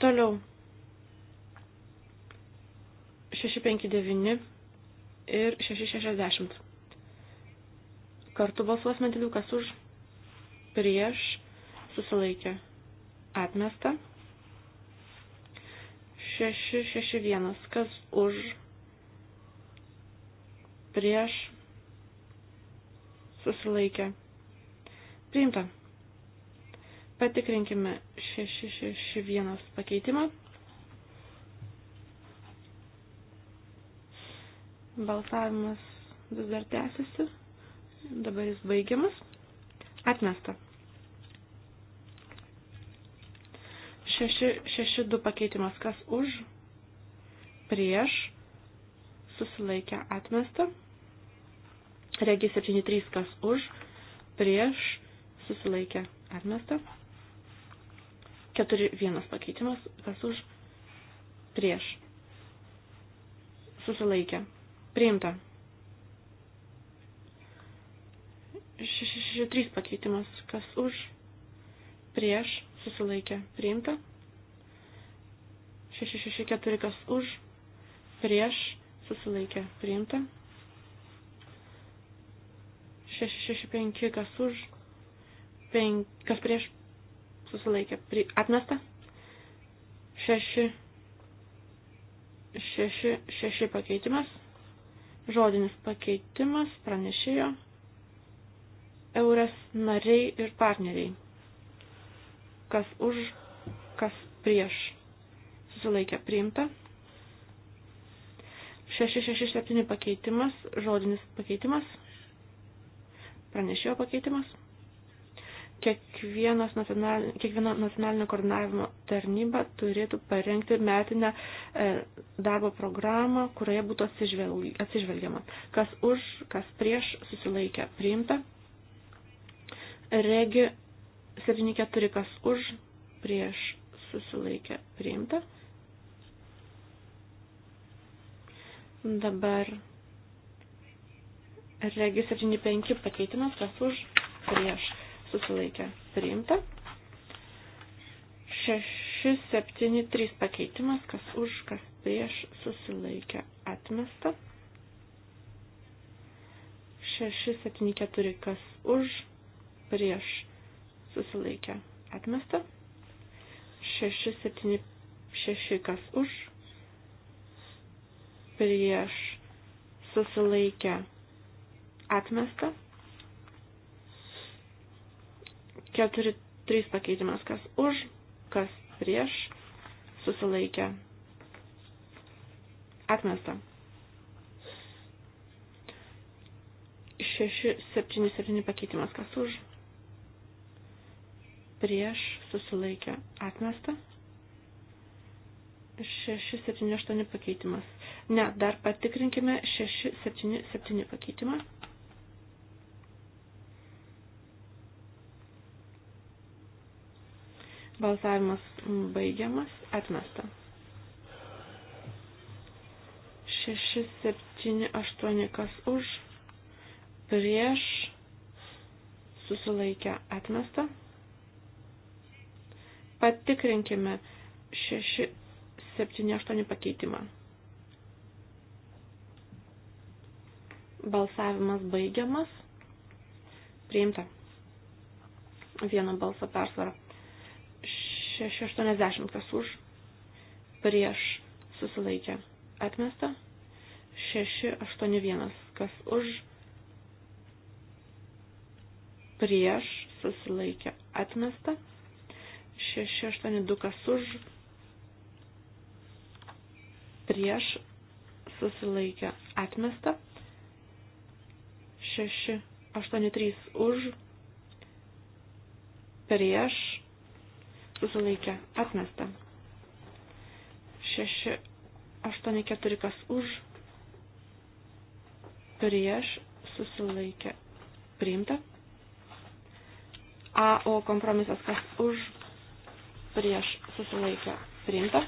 Toliau. 659 ir 660. Kartu balsuosime dėl jų, kas už, prieš, susilaikė, atmesta. 661, kas už, prieš, susilaikė, priimta. Patikrinkime 661 pakeitimą. Balsavimas vis dar tęsiasi. Dabar jis baigiamas. Atmesta. 6-2 pakeitimas. Kas už? Prieš. Susilaikę atmesta. Regi 7-3. Kas už? Prieš. Susilaikę atmesta. 4-1 pakeitimas. Kas už? Prieš. Susilaikę Priimta. 663 pakeitimas. Kas už? Prieš. Susilaikė. Priimta. 664 kas už? Prieš. Susilaikė. Priimta. 665 kas už? 5, kas prieš? Susilaikė. Pri, atmesta. 6. 6. 6 pakeitimas Žodinis pakeitimas pranešėjo eurės nariai ir partneriai. Kas už, kas prieš. Susilaikė priimta. 667 pakeitimas, žodinis pakeitimas, pranešėjo pakeitimas kiekvienas nacional, kiekviena nacionalinio koordinavimo tarnyba turėtų parengti metinę e, darbo programą, kurioje būtų atsižvelgiama. Kas už, kas prieš susilaikė priimta. Regi 74, kas už, prieš susilaikė priimta. Dabar regi 75 pakeitimas, kas už, prieš susilaikė priimta. 673 pakeitimas, kas už, kas prieš susilaikė atmesta. 674 kas už, prieš susilaikė atmesta. 676 kas už, prieš susilaikė atmesta. 4, 3 pakeitimas, kas už, kas prieš, susilaikė, atmesta. 6, 7, 7 pakeitimas, kas už, prieš, susilaikė, atmesta. 6, 7, 8 pakeitimas. Ne, dar patikrinkime 6, 7, 7 pakeitimą. Balsavimas baigiamas, atmesta. 6, 7, 8, kas už, prieš, susilaikę, atmesta. Patikrinkime 6, 7, 8 pakeitimą. Balsavimas baigiamas. Priimta. Vieną balsą persvarą. 680 kas už, prieš susilaikė atmesta, 681 kas už, prieš susilaikė atmesta, 682 kas už, prieš susilaikė atmesta, 683 už, prieš susilaikė, atmesta. 6, 8, 4, kas už, prieš, susilaikė, priimta. AO kompromisas, kas už, prieš, susilaikė, priimta.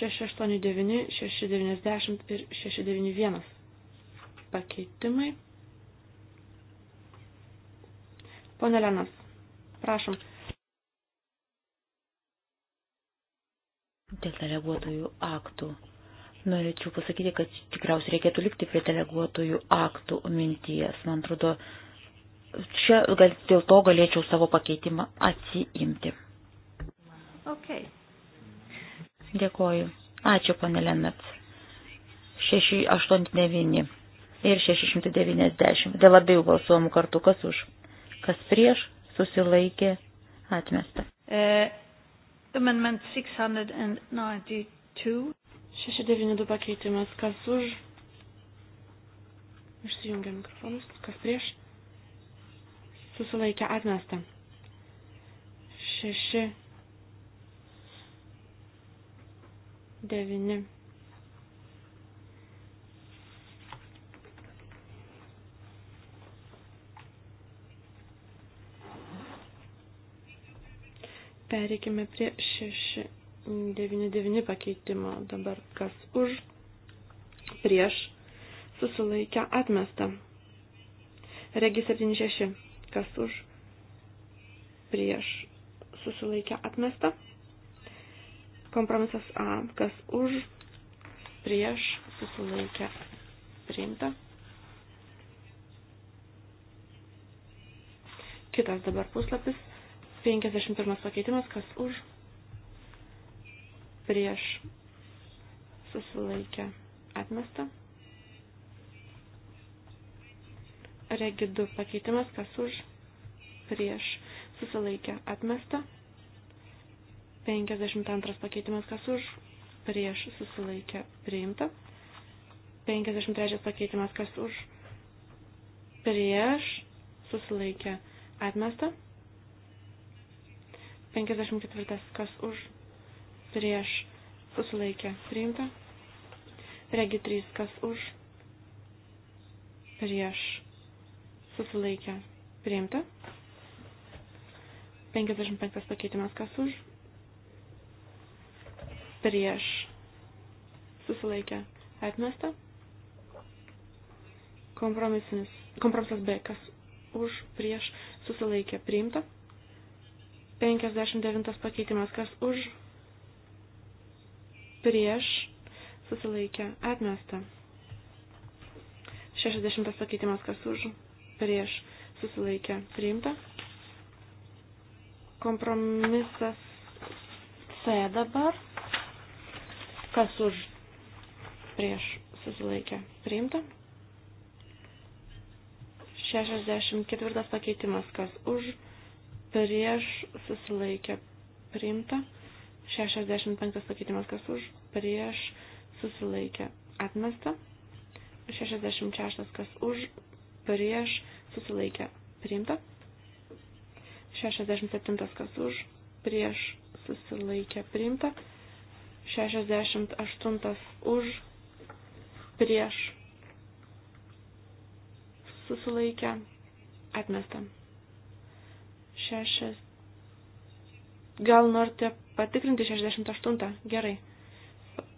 689, 690 ir 691 pakeitimai. Pone Lenas, prašom. Dėl deleguotojų aktų. Norėčiau pasakyti, kad tikriausiai reikėtų likti prie deleguotojų aktų minties. Man atrodo, čia gal, dėl to galėčiau savo pakeitimą atsiimti. Okay. Dėkoju. Ačiū, pane Lenat. 689 ir 690. Dėl abiejų balsuomų kartu, kas už? kas prieš, susilaikė, atmesta. Uh, amendment 692. 692 pakeitimas, kas už. Išsijungia mikrofonas, kas prieš. Susilaikė, atmesta. 6. 9. Pereikime prie 699 pakeitimo. Dabar kas už, prieš, susilaikę atmestą. Regi 76. Kas už, prieš, susilaikę atmestą. Kompromisas A. Kas už, prieš, susilaikę priimta. Kitas dabar puslapis. 51 pakeitimas, kas už, prieš, susilaikę, atmesta. Regi 2 pakeitimas, kas už, prieš, susilaikę, atmesta. 52 pakeitimas, kas už, prieš, susilaikę, priimta. 53 pakeitimas, kas už, prieš, susilaikę, atmesta. 54. Kas už? Prieš. Susilaikė. Priimta. Regi 3. Kas už? Prieš. Susilaikė. Priimta. 55. Pakeitimas. Kas už? Prieš. Susilaikė. Atmesta. Kompromisinis. Kompromisas B. Kas už? Prieš. Susilaikė. Priimta. 59 pakeitimas, kas už, prieš, susilaikė, atmesta. 60 pakeitimas, kas už, prieš, susilaikė, priimta. Kompromisas C dabar, kas už, prieš, susilaikė, priimta. 64 pakeitimas, kas už, prieš, prieš susilaikė priimta, 65 pakeitimas kas už, prieš susilaikė atmesta, 66 kas už, prieš susilaikė priimta, 67 kas už, prieš susilaikė priimta, 68 už, prieš susilaikė atmesta. Šešias. Gal norite patikrinti 68? Gerai.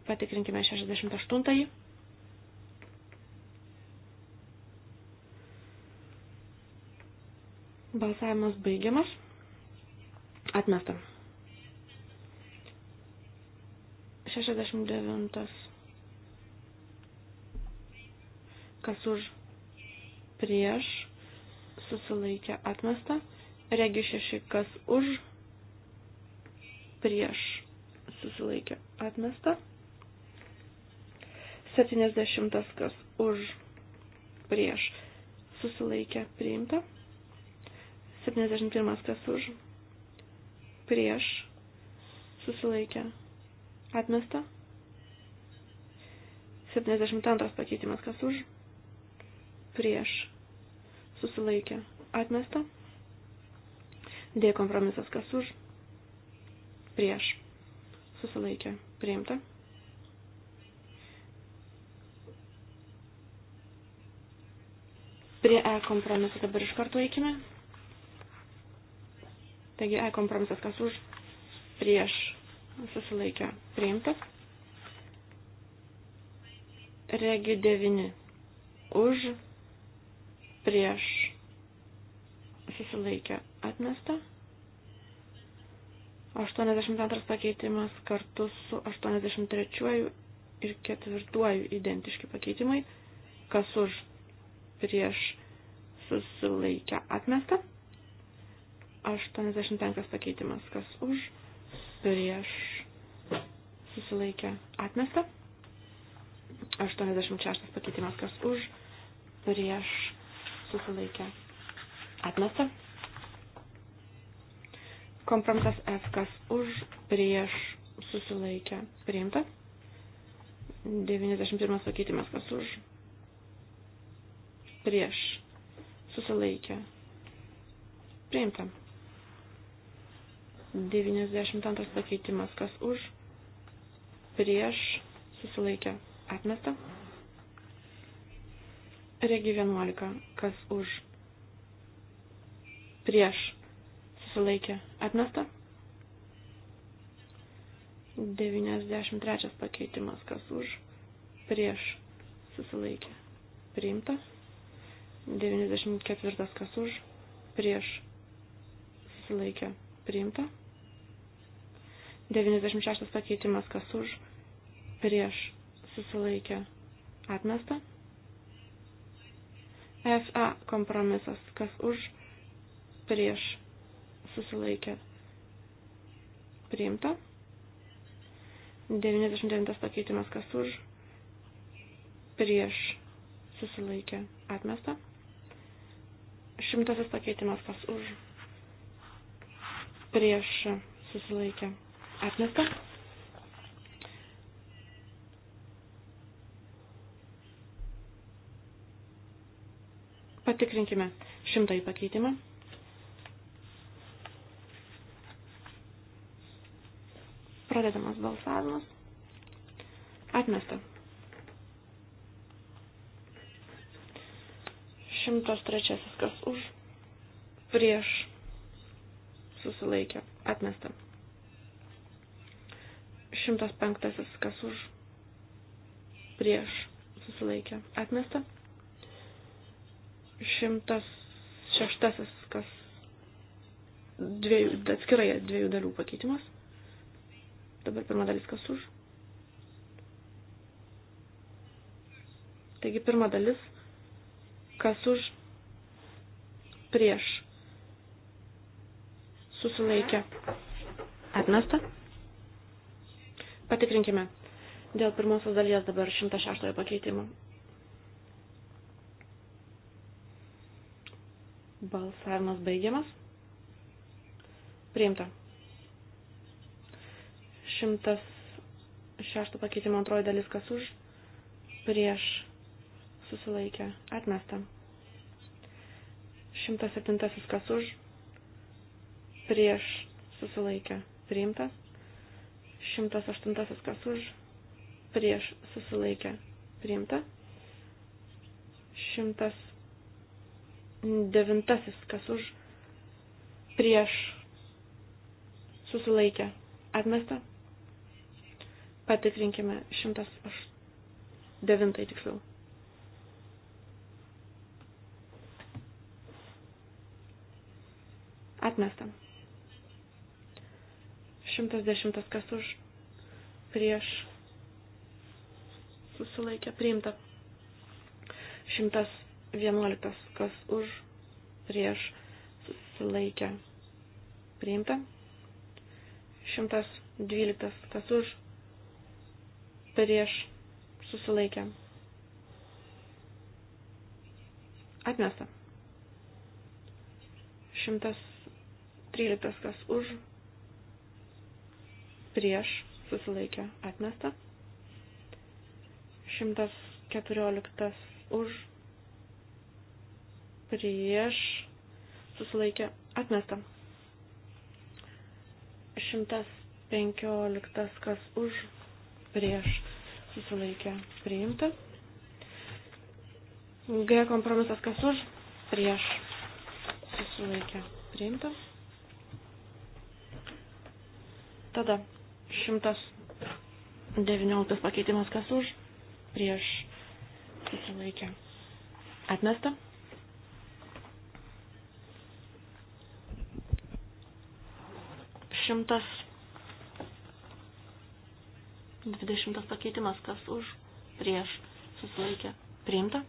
Patikrinkime 68. Balsavimas baigiamas. Atmestam. 69. Kas už prieš susilaikė atmestą. Regi 6, kas už, prieš susilaikė atmesta. 70, kas už, prieš susilaikė priimta. 71, kas už, prieš susilaikė atmesta. 72 pakeitimas, kas už, prieš susilaikė atmesta. D kompromisas kas už, prieš, susilaikė, priimta. Prie E kompromiso dabar iš karto eikime. Taigi E kompromisas kas už, prieš, susilaikė, priimta. Regi 9. Už, prieš, susilaikė, atmesta. 82 pakeitimas kartu su 83 ir 4 identiški pakeitimai, kas už prieš susilaikę atmestą. 85 pakeitimas, kas už prieš susilaikę atmestą. 86 pakeitimas, kas už prieš susilaikę atmestą. Kompromisas F, kas už, prieš, susilaikę, priimta. 91 pakeitimas, kas už, prieš, susilaikę, priimta. 92 pakeitimas, kas už, prieš, susilaikę, atmesta. Regi 11, kas už, prieš, susilaikė atmesta. 93 pakeitimas kas už, prieš susilaikė priimta. 94 kas už, prieš susilaikė priimta. 96 pakeitimas kas už, prieš susilaikė atmesta. FA kompromisas kas už, prieš susilaikė priimta. 99 pakeitimas kas už, prieš susilaikė atmesta. Šimtasis pakeitimas kas už, prieš susilaikė atmesta. Patikrinkime šimtąjį pakeitimą. Pradedamas balsavimas. Atmesta. 103. Kas už. Prieš. Susilaikė. Atmesta. 105. Kas už. Prieš. Susilaikė. Atmesta. 106. Kas. Dviejų, atskirai dviejų dalių pakeitimas. Dabar pirma dalis kas už. Taigi pirma dalis kas už prieš susilaikę atmesta. Patikrinkime dėl pirmosios dalies dabar 106 pakeitimo. Balsavimas baigiamas. Priimta. 106 pakeitimo antroji dalis kas už, prieš susilaikė, atmesta. 107 kas už, prieš susilaikė, priimta. 108 kas už, prieš susilaikė, priimta. 109 kas už, prieš susilaikė, atmesta. Patikrinkime 109 tiksliau. Atmestam. 110 kas už prieš susilaikę priimta. 111 kas už prieš susilaikę priimta. 112 kas už prieš susilaikę. Atmesta. 113 kas už, prieš susilaikę. Atmesta. 114 už, prieš susilaikę. Atmesta. 115 kas už, prieš susilaikę priimta. G kompromisas kas už, prieš susilaikę priimta. Tada 119 pakeitimas kas už, prieš susilaikę atmesta. Šimtas 20 pakeitimas, kas už, prieš, susilaikė, priimta.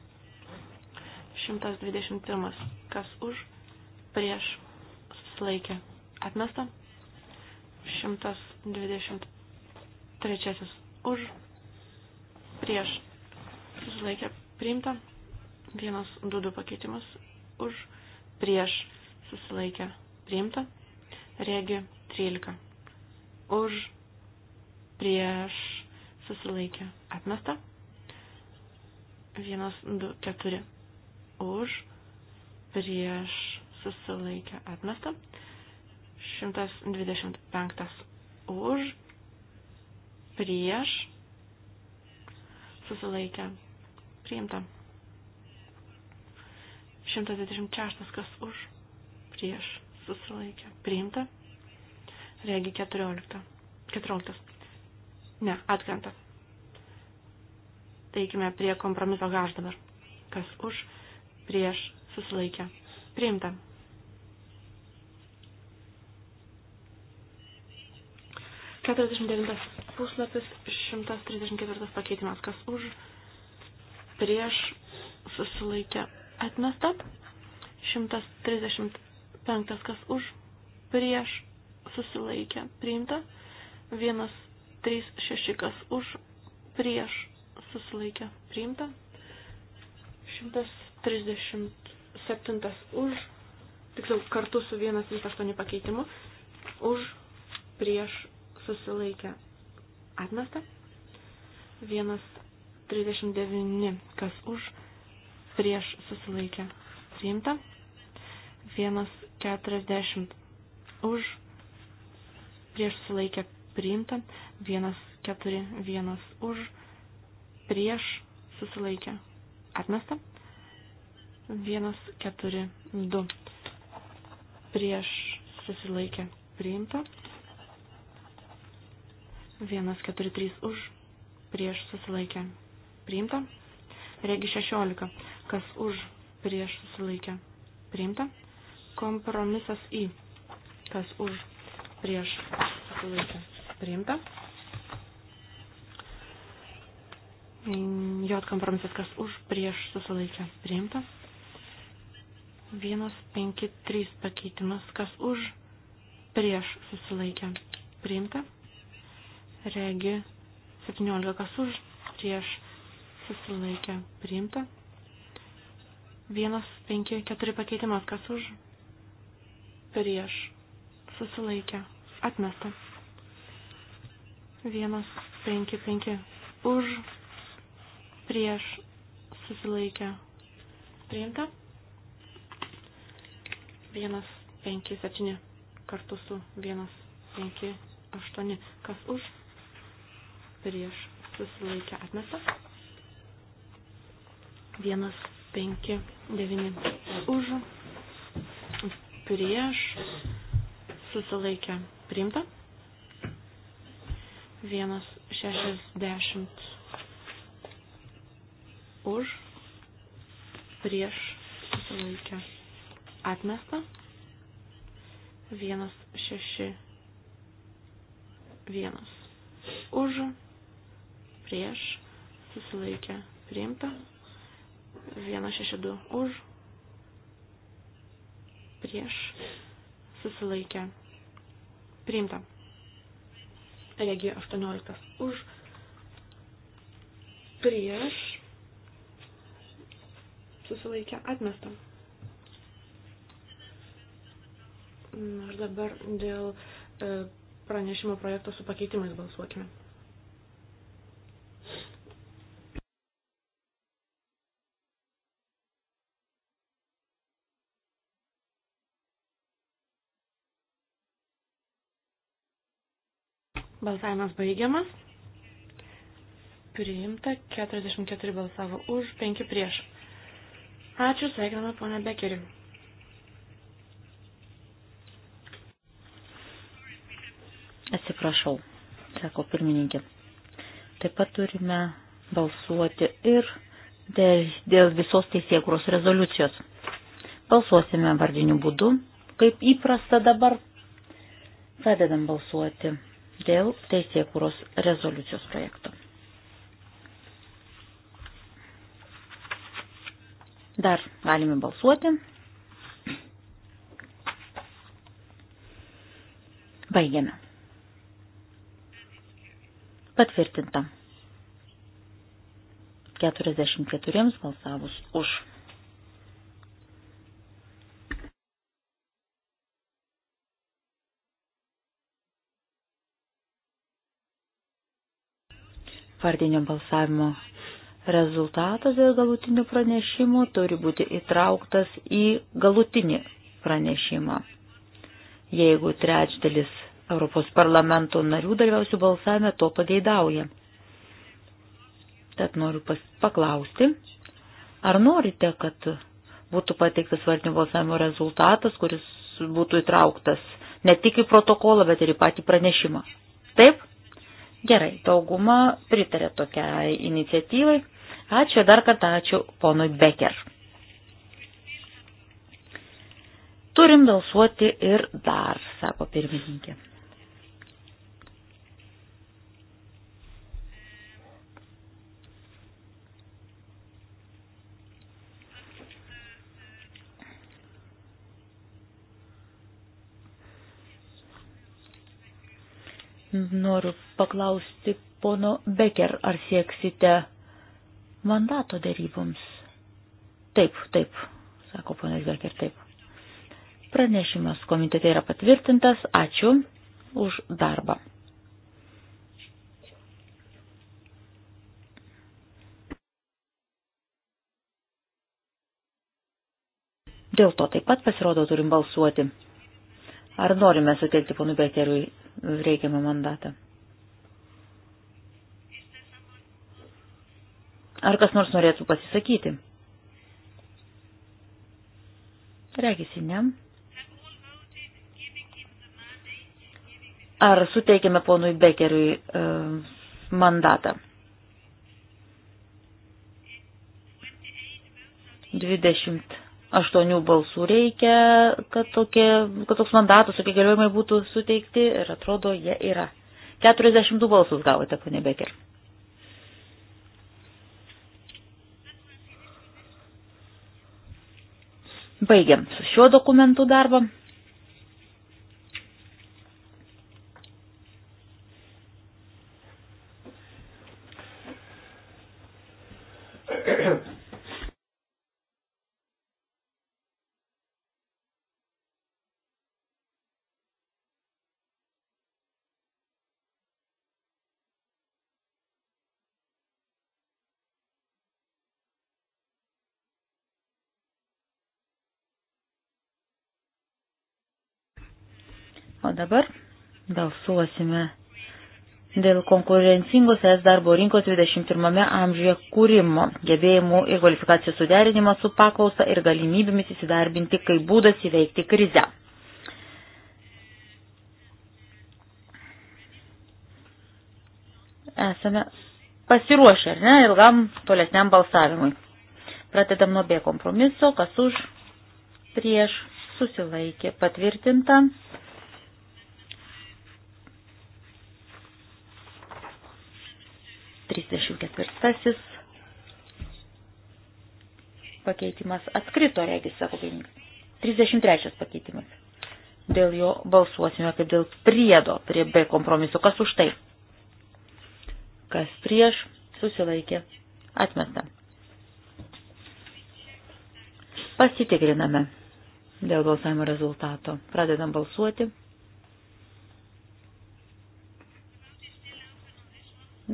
121, kas už, prieš, susilaikė, atmesta. 123, už, prieš, susilaikė, priimta. 122 pakeitimas, už, prieš, susilaikė, priimta. Regi 13, už, prieš susilaikę atmesta. 1, 2, 4 už prieš susilaikę atmesta. 125 už prieš susilaikę priimta. 126 kas už prieš susilaikę priimta. Regi 14. 14. Ne, atkrenta. Teikime prie kompromiso H dabar. Kas už, prieš, susilaikę. Priimta. Keturiasdešimt devintas puslapis, šimtas trisdešimt ketvirtas pakeitimas. Kas už, prieš, susilaikę. Atmesta. Šimtas trisdešimt penktas. Kas už, prieš, susilaikę. Priimta. Vienas 3, 6, kas už, prieš, susilaikė, priimta. 137 už, tiksliau kartu su 138 pakeitimu, už, prieš, susilaikė, atmesta. 139, kas už, prieš, susilaikė, priimta. 140 už, prieš, susilaikė, priimta priimta, 141 už, prieš susilaikė atmesta, 142 prieš susilaikė priimta, 143 už, prieš susilaikė priimta, regi 16, kas už, prieš susilaikė priimta, kompromisas į, kas už, prieš susilaikė priimta. J kompromisas, kas už, prieš susilaikė priimta. 153 pakeitimas, kas už, prieš susilaikė priimta. Regi 17, kas už, prieš susilaikė priimta. 154 pakeitimas, kas už, prieš susilaikė atmesta. Vienas, penki, penki. Už, prieš, susilaikę. Priimta. Vienas, penki, septyni. Kartu su vienas, penki, aštuoni. Kas už, prieš, susilaikę. Atmesta. Vienas, penki, devyni. Už, prieš, susilaikę. Priimta. 160 už, prieš susilaikę atmestą, 161 už, prieš susilaikę priimta, 162 už, prieš susilaikę priimta. Regija 18 už, prieš, susilaikę atmestą. Ir dabar dėl e, pranešimo projekto su pakeitimais balsuokime. Balsavimas baigiamas. Priimta 44 balsavo už, 5 prieš. Ačiū, sveikiname ponę Bekerį. Atsiprašau, sako pirmininkė. Taip pat turime balsuoti ir dėl, dėl visos teisėkūros rezoliucijos. Balsuosime vardiniu būdu, kaip įprasta dabar. Pradedam balsuoti dėl teisėkūros rezoliucijos projekto. Dar galime balsuoti. Baigiame. Patvirtinta. 44 balsavus už. Vardinio balsavimo rezultatas dėl galutinių pranešimų turi būti įtrauktas į galutinį pranešimą. Jeigu trečdalis Europos parlamento narių dalyvausių balsavime to pageidauja. Tad noriu pas, paklausti, ar norite, kad būtų pateiktas vardinio balsavimo rezultatas, kuris būtų įtrauktas ne tik į protokolą, bet ir į patį pranešimą. Taip? Gerai, dauguma pritarė tokiai iniciatyvai. Ačiū dar kartą, ačiū ponui Becker. Turim balsuoti ir dar, sako pirmininkė. Noriu paklausti pono Becker, ar sieksite mandato daryboms? Taip, taip, sako ponas Becker, taip. Pranešimas komitete yra patvirtintas. Ačiū už darbą. Dėl to taip pat pasirodo turim balsuoti. Ar norime suteikti ponui Bekeriui reikiamą mandatą. Ar kas nors norėtų pasisakyti? Regisi, ne. Ar suteikėme ponui Bekeriui e, mandatą? 28 aštuonių balsų reikia, kad, tokie, kad toks mandatas, tokie galiojimai būtų suteikti ir atrodo, jie yra. 42 balsus gavote, ponė Becker. Baigiam su šiuo dokumentu darbą. O dabar balsuosime dėl konkurencingos es darbo rinkos 21 amžiuje kūrimo, gebėjimų ir kvalifikacijų suderinimo su paklausa ir galimybėmis įsidarbinti kaip būdas įveikti krizę. Esame pasiruošę, ar ne, ilgam tolesniam balsavimui. Pratedam nuo B kompromiso, kas už, prieš, susilaikė, patvirtinta. 34 pakeitimas atkrito, regis, sako pirmininkas. 33 pakeitimas. Dėl jo balsuosime kaip dėl priedo prie B kompromiso. Kas už tai? Kas prieš? Susilaikė. Atmesta. Pasitikriname dėl balsavimo rezultato. Pradedam balsuoti.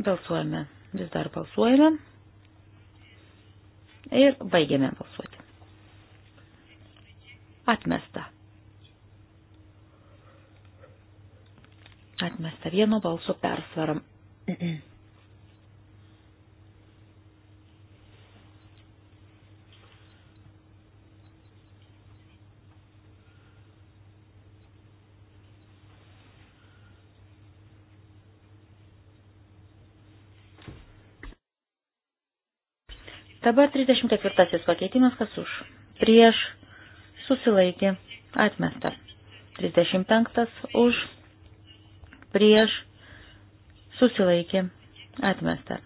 Balsuojame. Vis dar balsuojame. Ir baigiame balsuoti. Atmesta. Atmesta vieno balso persvaram. [clears throat] Dabar 34 pakeitimas, kas už. Prieš susilaikė atmesta. 35 už. Prieš susilaikė atmesta.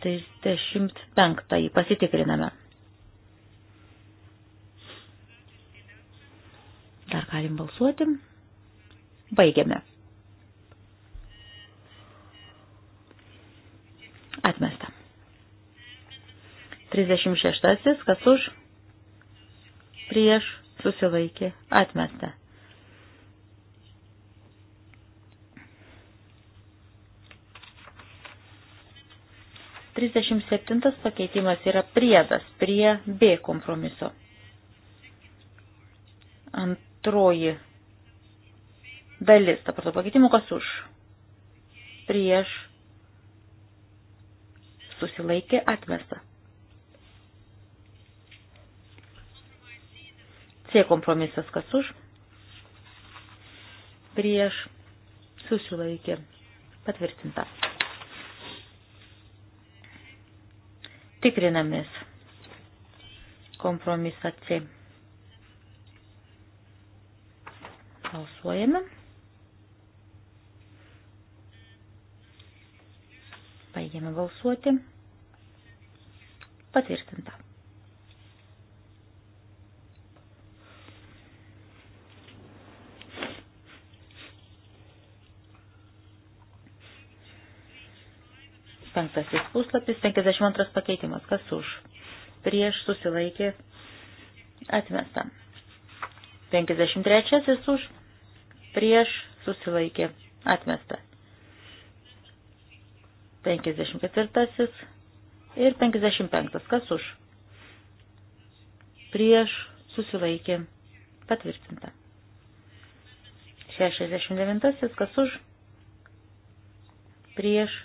35 pasitikriname. Dar galim balsuoti. Baigiame. Atmesta. 36. Kas už? Prieš susilaikė atmesta. Trisdešimt septintas pakeitimas yra priedas prie B kompromiso. Antroji dalis, ta prato pakeitimo, kas už? Prieš susilaikė atmesta. C kompromisas kas už, prieš, susilaikė, patvirtinta. Tikrinamės kompromisą C. Balsuojame. Baigiame balsuoti. Patvirtinta. Penktasis puslapis, 52 pakeitimas. Kas už? Prieš susilaikė atmesta. 53 už. Prieš susilaikė atmesta. 54 ir 55. Kas už? Prieš susilaikė patvirtinta. 69. Kas už? Prieš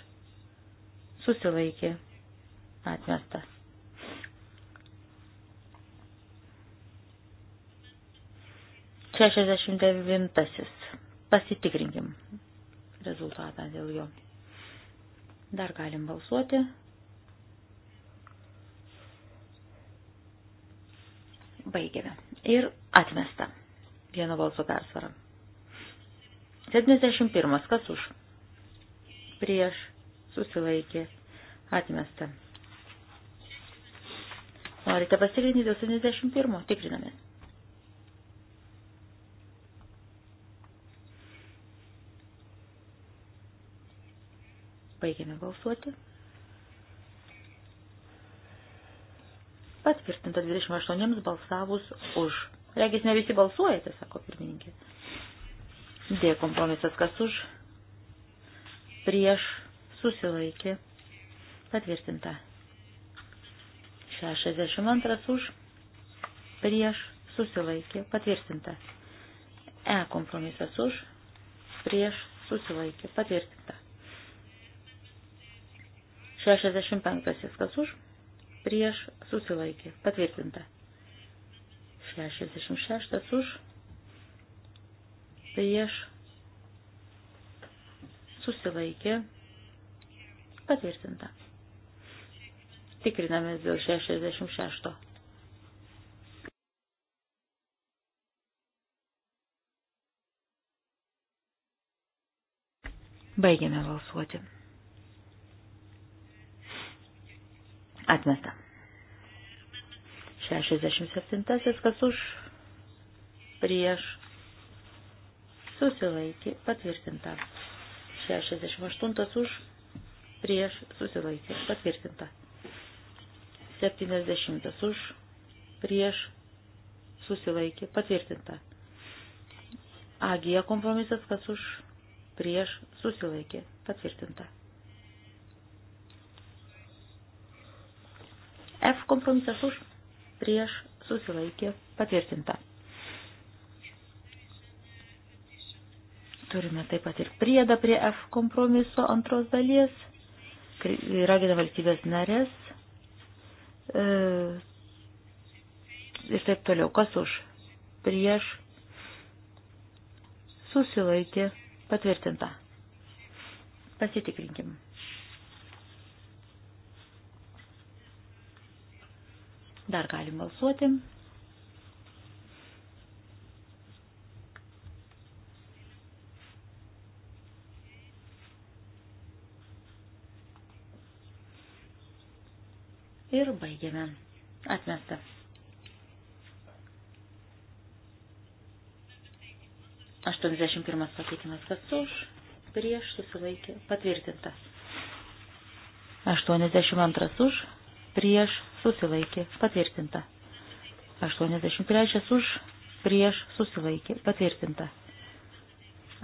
susilaikė atmestas. Šešiasdešimt devintasis. Pasitikrinkim rezultatą dėl jo. Dar galim balsuoti. Baigėme. Ir atmesta. Vieno balso persvara. 71. Kas už? Prieš susilaikė, atmesta. Norite pasitikrinti dėl 71, tikriname. Baigiame balsuoti. Patvirtinta 28 balsavus už. Regis ne visi balsuojate, sako pirmininkė. D kompromisas kas už, prieš susilaikė, patvirtinta. 62 už, prieš, susilaikė, patvirtinta. E kompromisas už, prieš, susilaikė, patvirtinta. 65 kas už, prieš, susilaikė, patvirtinta. 66 už, prieš, susilaikė, Patvirtinta. Tikrinamės dėl 66. Baigiame balsuoti. Atmesta. 67. Kas už? Prieš. Susilaikė. Patvirtinta. 68. Už prieš susilaikė patvirtinta. 70 už prieš susilaikė patvirtinta. AG kompromisas kas už prieš susilaikė patvirtinta. F kompromisas už prieš susilaikė patvirtinta. Turime taip pat ir priedą prie F kompromiso antros dalies – ragina valstybės narės e, ir taip toliau. Kas už? Prieš susilaikė patvirtinta. Pasitikrinkim. Dar galim balsuoti. ir baigiame. Atmesta. Aštuoniasdešimt pirmas pakeitimas, kas už, prieš, susilaikė, patvirtintas. Aštuoniasdešimt antras už, prieš, susilaikė, patvirtinta. Aštuoniasdešimt trečias už, prieš, susilaikė, patvirtinta.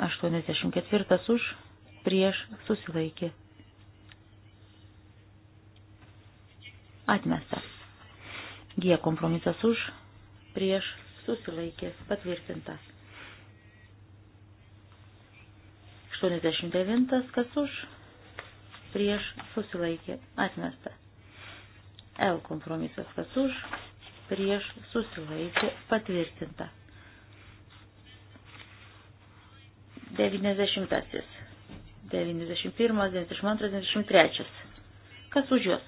Aštuoniasdešimt ketvirtas už, prieš, susilaikė, atmesta. G kompromisas už, prieš, susilaikė, patvirtinta. 89 kas už, prieš, susilaikė, atmesta. L kompromisas kas už, prieš, susilaikė, patvirtinta. 90. 91, 92, 93. Kas už juos?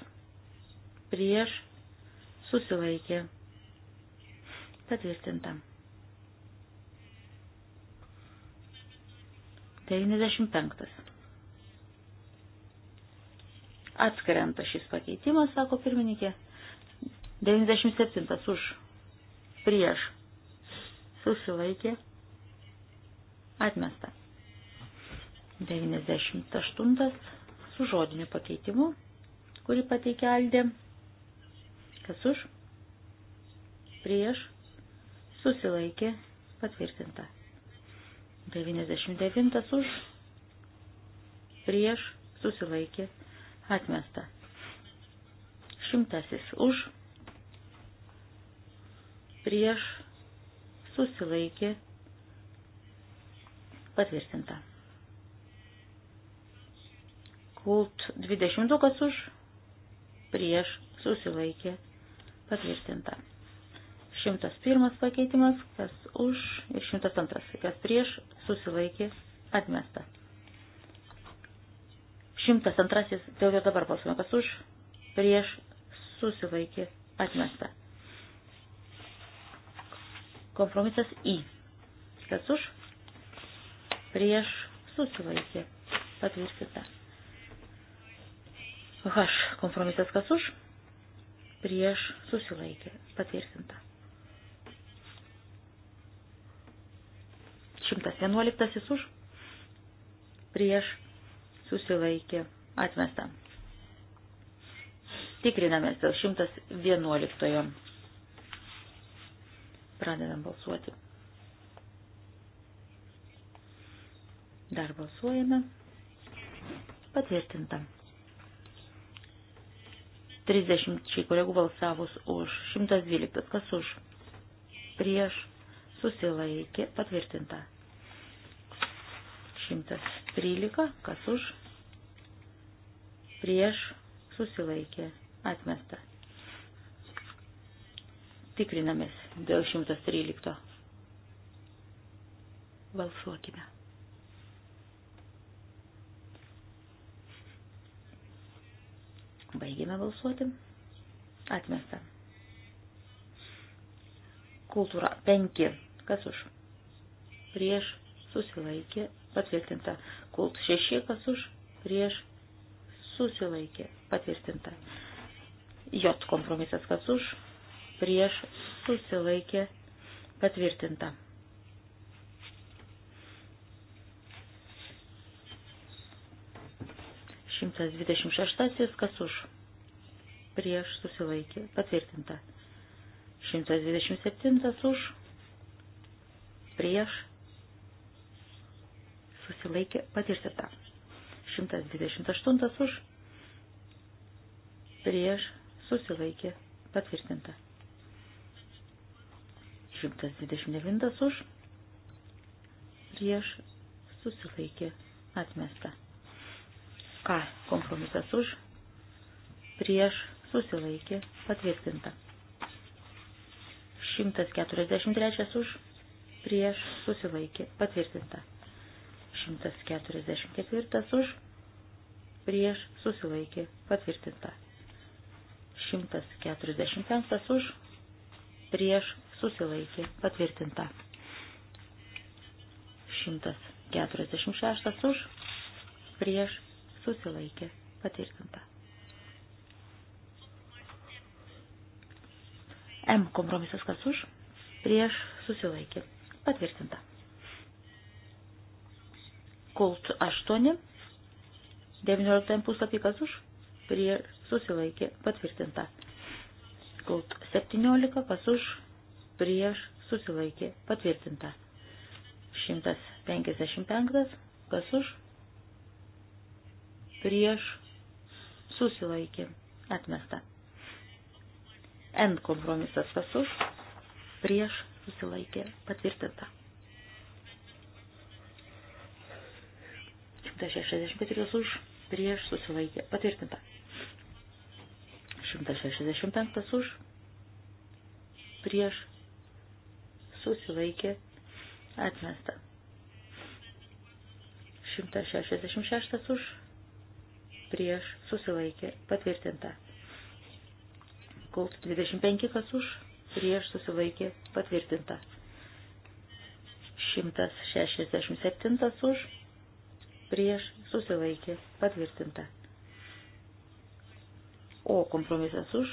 prieš, susilaikė, patvirtinta. 95. Atskrenta šis pakeitimas, sako pirmininkė. 97 už, prieš, susilaikė, atmesta. 98 su žodiniu pakeitimu, kurį pateikė Aldė. Kas už? Prieš. Susilaikė. Patvirtinta. 99 už. Prieš. Susilaikė. Atmesta. Šimtasis už. Prieš. Susilaikė. Patvirtinta. Kult 20 už. Prieš. Susilaikė Patvirtinta. 101 pakeitimas, kas už ir 102, kas prieš, susilaikė, atmesta. 102, dėl jo dabar balsuojame, kas už, prieš, susilaikė, atmesta. Kompromisas į. Kas už, prieš, susilaikė, patvirtinta. H. Kompromisas kas už, prieš susilaikė patvirtinta. 111 už prieš susilaikė atmesta. Tikrinamės dėl 111. Pradedam balsuoti. Dar balsuojame. Patvirtinta. 30 kolegų balsavus už, 112 kas už, prieš, susilaikė, patvirtinta. 113 kas už, prieš, susilaikė, atmesta. Tikrinamės dėl 113. Balsuokime. Baigėme balsuoti. Atmesta. Kultūra 5. Kas už? Prieš susilaikė. Patvirtinta. Kult 6. Kas už? Prieš susilaikė. Patvirtinta. J kompromisas kas už? Prieš susilaikė. Patvirtinta. 126. Kas už? Prieš susilaikė. Patvirtinta. 127. Už. Prieš susilaikė. Patvirtinta. 128. Už. Prieš susilaikė. Patvirtinta. 129. Už. Prieš susilaikė. Atmesta. K kompromisas už, prieš susilaikė patvirtinta. 143 už, prieš susilaikė patvirtinta. 144 už, prieš susilaikė patvirtinta. 145 už, prieš susilaikė patvirtinta. 146 už, prieš susilaikė, patvirtinta. M kompromisas kas už, prieš susilaikė, patvirtinta. Kult 8, 19 puslapį kas už, prieš susilaikė, patvirtinta. Kult 17 kas už, prieš susilaikė, patvirtinta. 155 kas už, prieš, susilaikė, atmesta. N kompromisas kas už, prieš, susilaikė, patvirtinta. 164 už, prieš, susilaikė, patvirtinta. 165 už, prieš, susilaikė, atmesta. 166 už, prieš susilaikė patvirtinta. Kult 25 kas už, prieš susilaikė patvirtinta. 167 už, prieš susilaikė patvirtinta. O kompromisas už,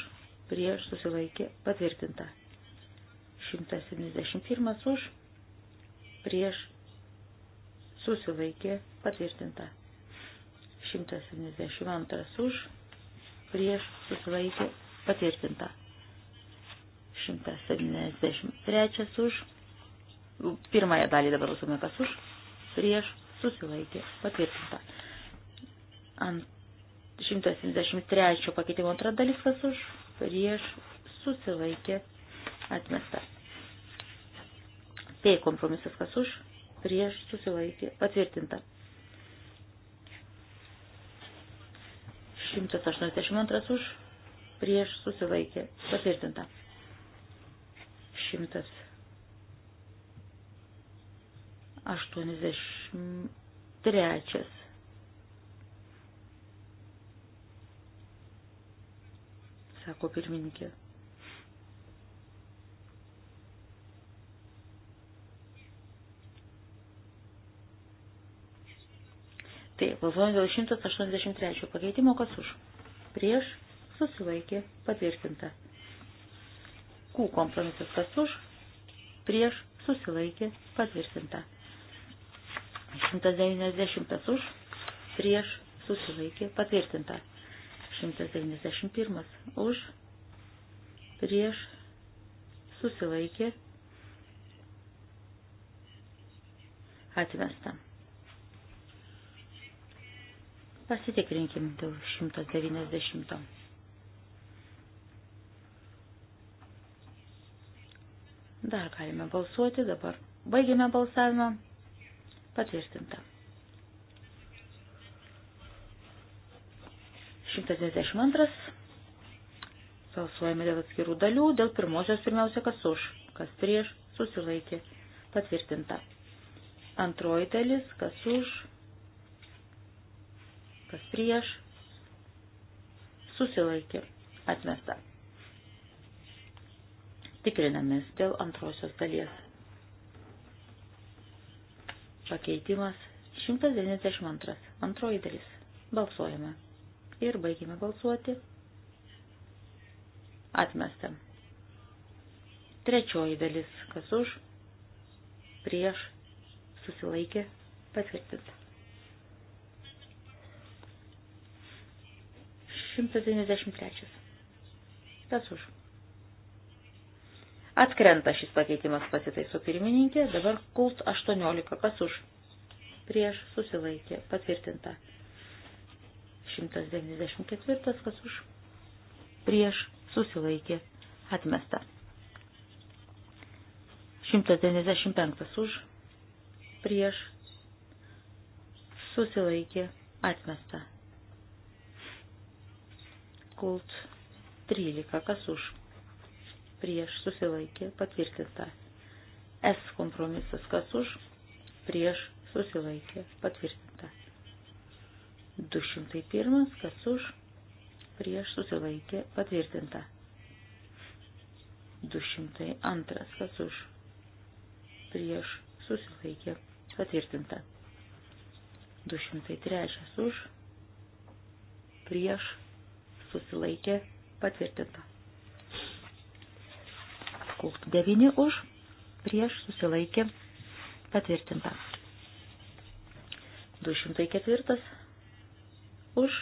prieš susilaikė patvirtinta. 171 už, prieš susilaikė patvirtinta. 172 už, prieš susilaikė patvirtinta. 173 už, pirmąją dalį dabar užsumė kas už, prieš susilaikė patvirtinta. Ant 173 pakeitimo antra dalis kas už, prieš susilaikė atmesta. P kompromisas kas už, prieš susilaikė patvirtinta. 182 už, prieš susilaikė, patvirtinta. 183. Sako pirmininkė. Tai balsuojant dėl 183 pakeitimo, kas už? Prieš susilaikė patvirtinta. Q kompromisas kas už? Prieš susilaikė patvirtinta. 190 už? Prieš susilaikė patvirtinta. 191 už? Prieš susilaikė atmesta. Pasitikrinkim dėl 190. Dar galime balsuoti dabar. Baigėme balsavimą. Patvirtinta. 192. Balsuojame dėl atskirų dalių. Dėl pirmosios pirmiausia, kas už, kas prieš, susilaikė. Patvirtinta. Antroji dalis, kas už, kas prieš, susilaikė, atmesta. Tikrinamės dėl antrosios dalies. Pakeitimas 192. Antroji dalis. Balsuojame. Ir baigime balsuoti. Atmesta. Trečioji dalis. Kas už? Prieš. Susilaikė. Patvirtinta. 193. Kas už? Atkrenta šis pakeitimas pasitaiso pirmininkė, dabar kult 18. Kas už? Prieš susilaikė, patvirtinta. 194. Kas už? Prieš susilaikė, atmesta. 195. Už? Prieš susilaikė, atmesta kult 13, kas už, prieš susilaikė patvirtinta. S kompromisas, kas už, prieš susilaikė patvirtinta. 201, kas už, prieš susilaikė patvirtinta. 202, kas už, prieš susilaikė patvirtinta. 203 už, prieš susilaikė patvirtinta. Kult 9 už, prieš susilaikė patvirtinta. 204 už,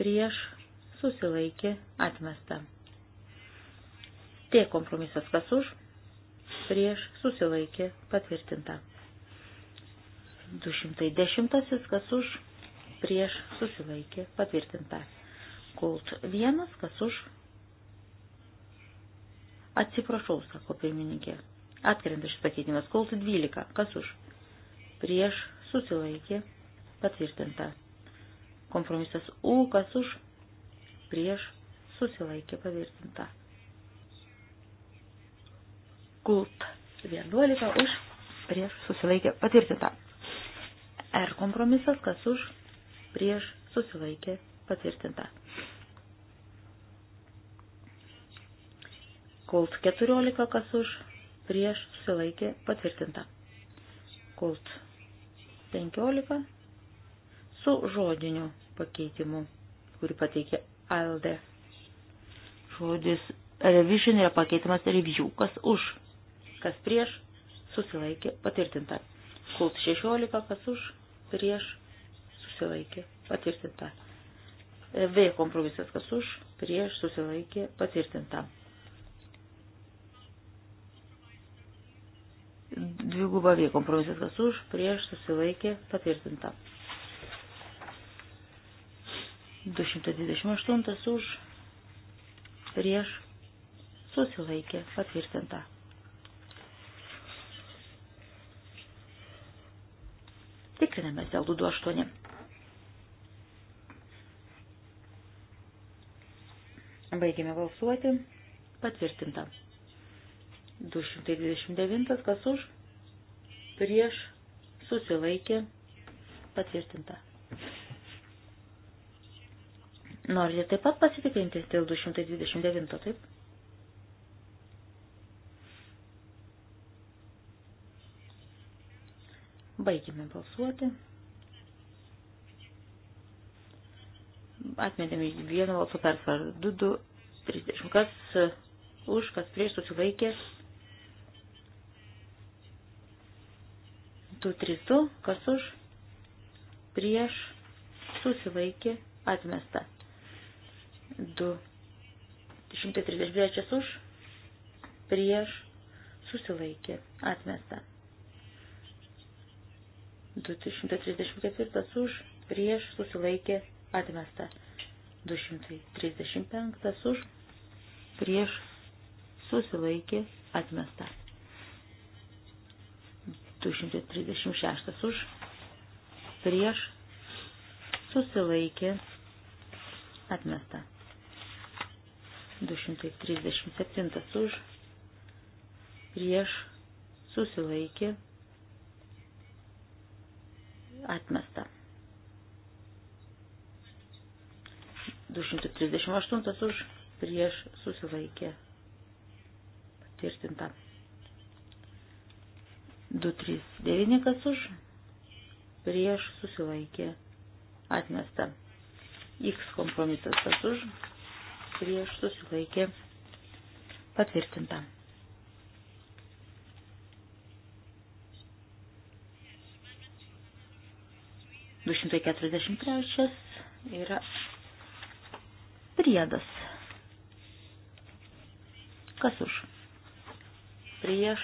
prieš susilaikė atmesta. T kompromisas kas už, prieš susilaikė patvirtinta. 210 kas už, prieš susilaikė patvirtinta. Kult vienas, kas už. Atsiprašau, sako pirmininkė. Atkrenta šis pakeitimas. Kult 12, kas už. Prieš susilaikė patvirtinta. Kompromisas U, kas už. Prieš susilaikė patvirtinta. Kult 11 už. Prieš susilaikė patvirtinta. R kompromisas, kas už prieš susilaikė patvirtinta. Kult 14, kas už, prieš susilaikė patvirtinta. Kult 15 su žodiniu pakeitimu, kurį pateikė ALD. Žodis revision yra pakeitimas review, kas už, kas prieš susilaikė patvirtinta. Kult 16, kas už, prieš susilaikė, patvirtinta. V kompromisas kas už, prieš susilaikė, patvirtinta. Dviguba V kompromisas kas už, prieš susilaikė, patvirtinta. 228 už, prieš susilaikė, patvirtinta. Tikrinamės dėl 228. Baigėme balsuoti. Patvirtinta. 229 kas už, prieš, susilaikė, patvirtinta. Norite taip pat pasitikrinti dėl 229, taip? Baigime balsuoti. atmetėme vieno balso persvarą. 2, 2, 30. Kas e, už, kas prieš susilaikė? 2, 3, 2. Kas už, prieš susilaikė atmesta. 2, 133 už, prieš susilaikė atmesta. 234 už, prieš susilaikė atmesta. 235 už, prieš, susilaikė, atmesta. 236 už, prieš, susilaikė, atmesta. 237 už, prieš, susilaikė, atmesta. 238 už prieš susilaikė patvirtinta. 239 kas už prieš susilaikė atmesta. X kompromisas kas už prieš susilaikė patvirtinta. Du šimtai keturiasdešimt trečias yra priedas. Kas už? Prieš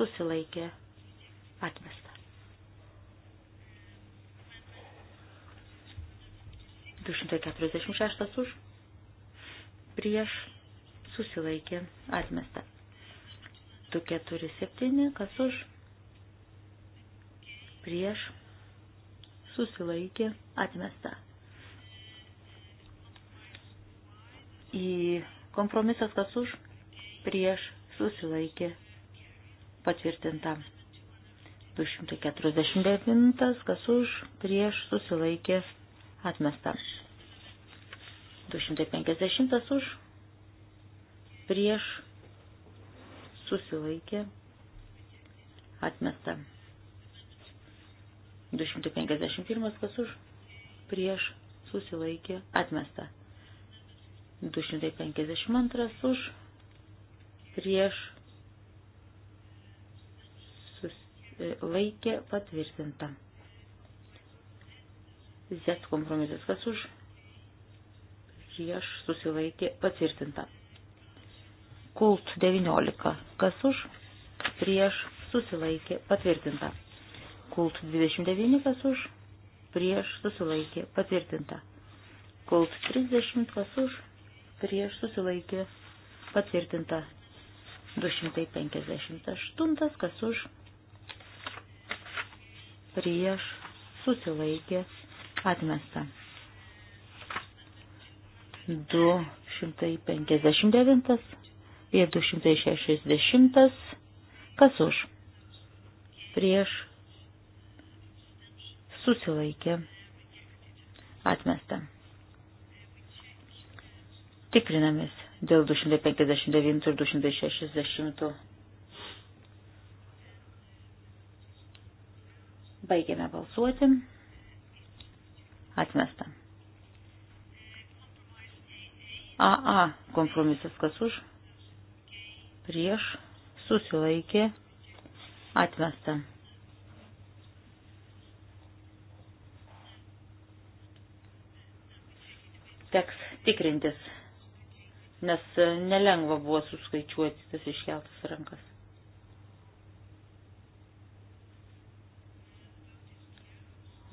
susilaikė atmesta. 246 už. Prieš susilaikė atmesta. 247 kas už. Prieš susilaikė atmesta. į kompromisas, kas už, prieš, susilaikė, patvirtinta. 249, kas už, prieš, susilaikė, atmesta. 250 už, prieš, susilaikė, atmesta. 251 kas už, prieš, susilaikė, atmesta. 252 už prieš e, laikė patvirtinta. Z kompromisas kas už prieš susilaikė patvirtinta. Kult 19 kas už prieš susilaikė patvirtinta. Kult 29 kas už prieš susilaikė patvirtinta. Kult 30 kas už prieš susilaikė patvirtinta 258, kas už prieš susilaikė atmesta. 259 ir 260, kas už prieš susilaikė atmesta. Tikrinamės dėl 259 ir 260. Baigiame balsuoti. Atmesta. AA kompromisas kas už? Prieš susilaikė. Atmesta. Teks tikrintis nes nelengva buvo suskaičiuoti tas iškeltas rankas.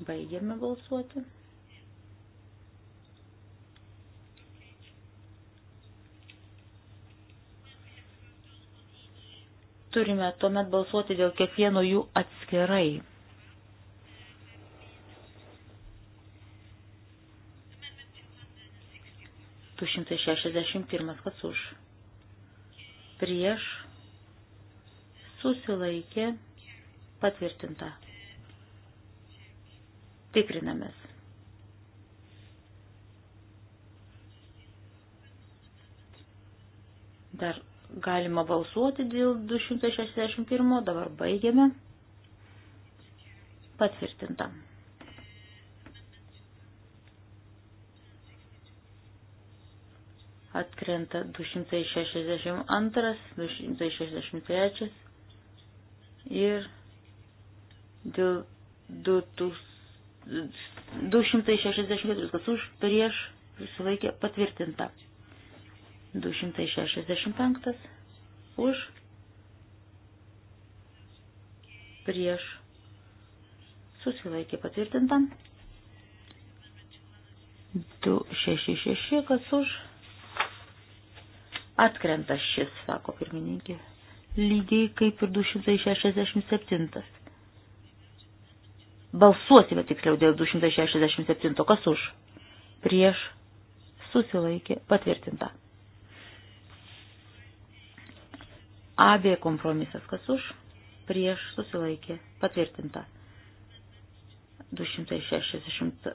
Baigiame balsuoti. Turime tuomet balsuoti dėl kiekvieno jų atskirai. 261 kas už. Prieš susilaikė patvirtinta. Tikrinamės. Dar galima balsuoti dėl 261, dabar baigiame. Patvirtinta. Krenta 262, 263 ir 264, kas už prieš susilaikė patvirtinta. 265 už prieš susilaikė patvirtinta. 266 kas už Atkrenta šis, sako pirmininkė. Lygiai kaip ir 267. Balsuosime tiksliau dėl 267. Kas už? Prieš susilaikė patvirtinta. AB kompromisas kas už, prieš susilaikė patvirtinta. 260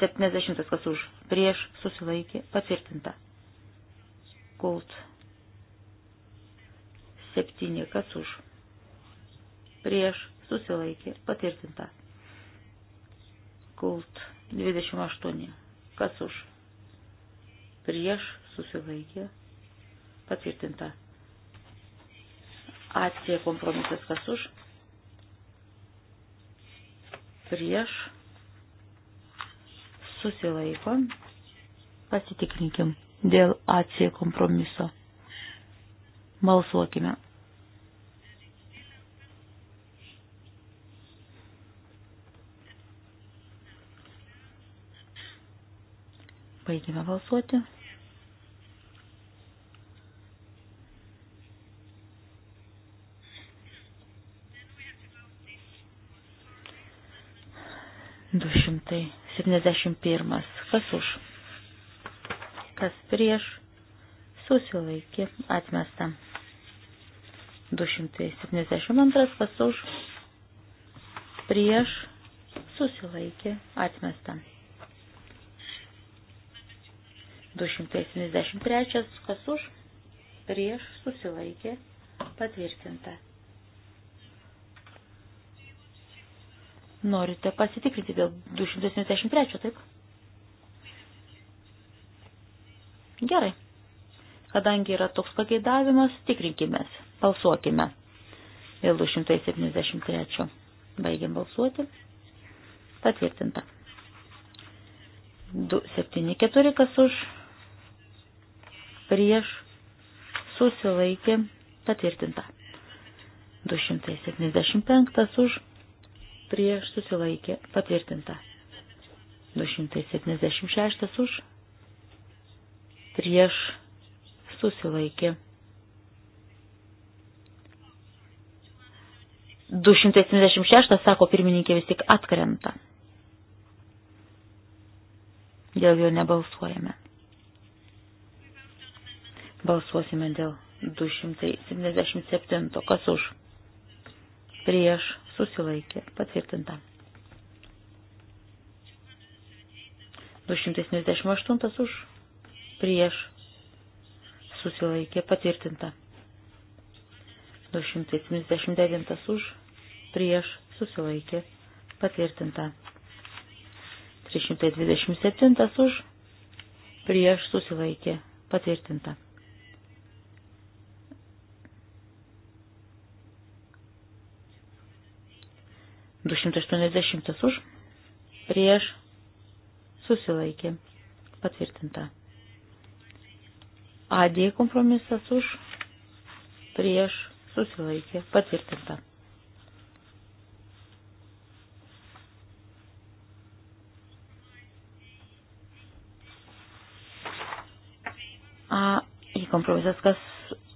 70 kas už, prieš susilaikė patvirtinta kult 7, kas už, prieš, susilaikė, patvirtinta. Kult 28, kas už, prieš, susilaikė, patvirtinta. Atsie kompromisas, kas už, prieš, susilaiko, pasitikrinkim dėl AC kompromiso. Balsuokime. Baigime balsuoti. Du šimtai septyniasdešimt pirmas. Kas už? kas prieš, susilaikė atmesta. 272 pas už, prieš, susilaikė atmesta. 273 kas už, prieš, susilaikė patvirtinta. Norite pasitikrinti dėl 273, taip? Gerai. Kadangi yra toks pageidavimas, tikrinkime, balsuokime. Dėl 273. Baigiam balsuoti. Patvirtinta. 274 kas už prieš susilaikė patvirtinta. 275 už prieš susilaikė patvirtinta. 276 už prieš susilaikė. 276, sako pirmininkė, vis tik atkrenta. Dėl jo nebalsuojame. Balsuosime dėl 277. Kas už? Prieš susilaikė. Patvirtinta. 278 už prieš susilaikė patvirtinta. 279 už prieš susilaikė patvirtinta. 327 už prieš susilaikė patvirtinta. Du šimtai aštuoniasdešimtas už, prieš, susilaikė, patvirtinta. AD kompromisas už, prieš, susilaikė, patvirtinta. A, į kompromisas, kas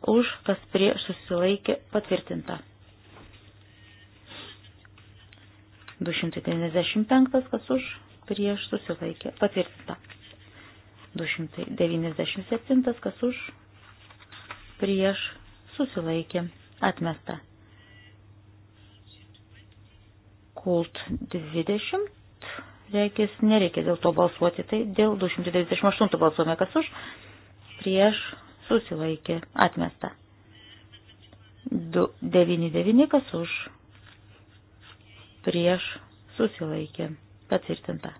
už, kas prieš, susilaikė, patvirtinta. 295, kas už, prieš, susilaikė, patvirtinta. 297, kas už, prieš, susilaikė, atmesta. Kult 20, reikės, nereikia dėl to balsuoti, tai dėl 298 balsuome, kas už, prieš, susilaikė, atmesta. 99, kas už, prieš, susilaikė, patvirtinta.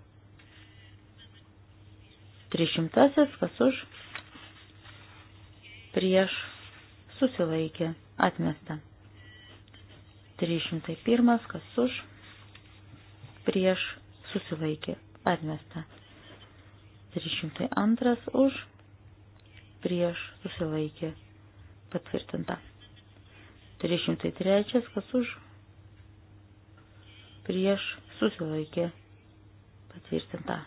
Trišimtasis, kas už, prieš, susilaikė, atmesta. 301, kas už, prieš, susilaikė, atmesta. 302, už, prieš, susilaikė, patvirtinta. 303, kas už, prieš, susilaikė, patvirtinta.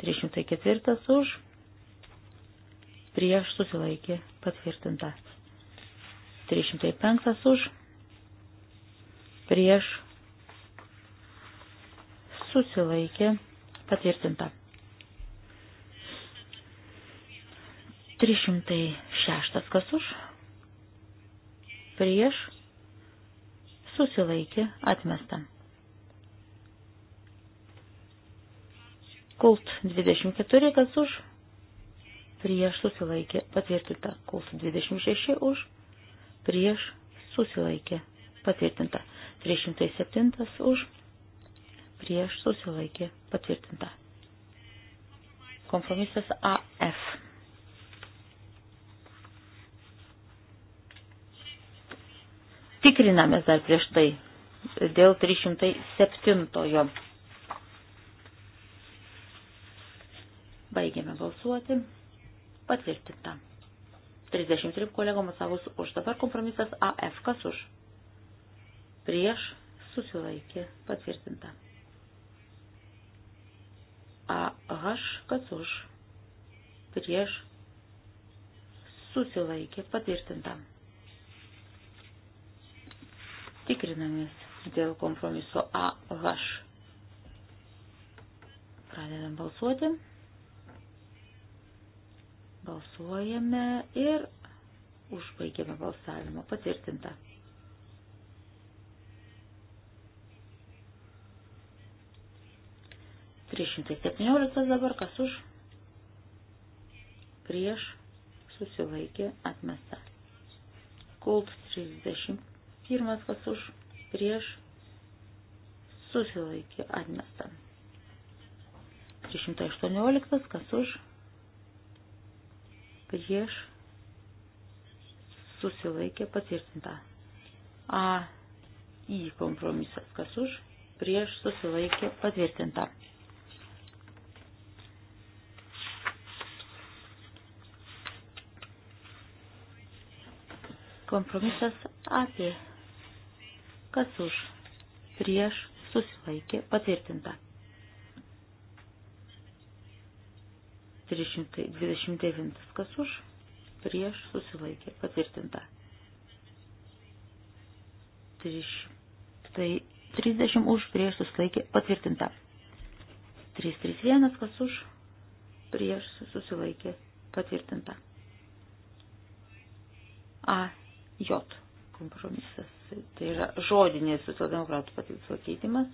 304 už, prieš susilaikė patvirtinta. 305 už, prieš susilaikė patvirtinta. 306 kas už, prieš susilaikė atmestam. Kult 24, kas už, prieš susilaikė patvirtinta. Kult 26 už, prieš susilaikė patvirtinta. 307 už, prieš susilaikė patvirtinta. Kompromisas AF. Tikrinamės dar prieš tai dėl 307. -ojo. Baigėme balsuoti. Patvirtinta. 33 kolegom atsavus už. Dabar kompromisas AF kas už. Prieš susilaikė patvirtinta. AH kas už. Prieš susilaikė patvirtinta. Tikrinamės dėl kompromiso AH. Pradedam balsuoti. Balsuojame ir užbaigėme balsavimą. Patvirtinta. Trys šimtai septynioliktas dabar kas už? Prieš susilaikė atmesta. Kult 31 kas už? Prieš susilaikė atmesta. 318 kas už? prieš susilaikė patvirtinta. A į kompromisas, kas už, prieš susilaikė patvirtinta. Kompromisas apie, kas už, prieš susilaikė patvirtinta. 329. Kas už? Prieš susilaikė. Patvirtinta. 30 už prieš susilaikė. Patvirtinta. 331. Kas už? Prieš susilaikė. Patvirtinta. A. J. Kompromisas. Tai yra žodinės socialdemokratų pakeitimas.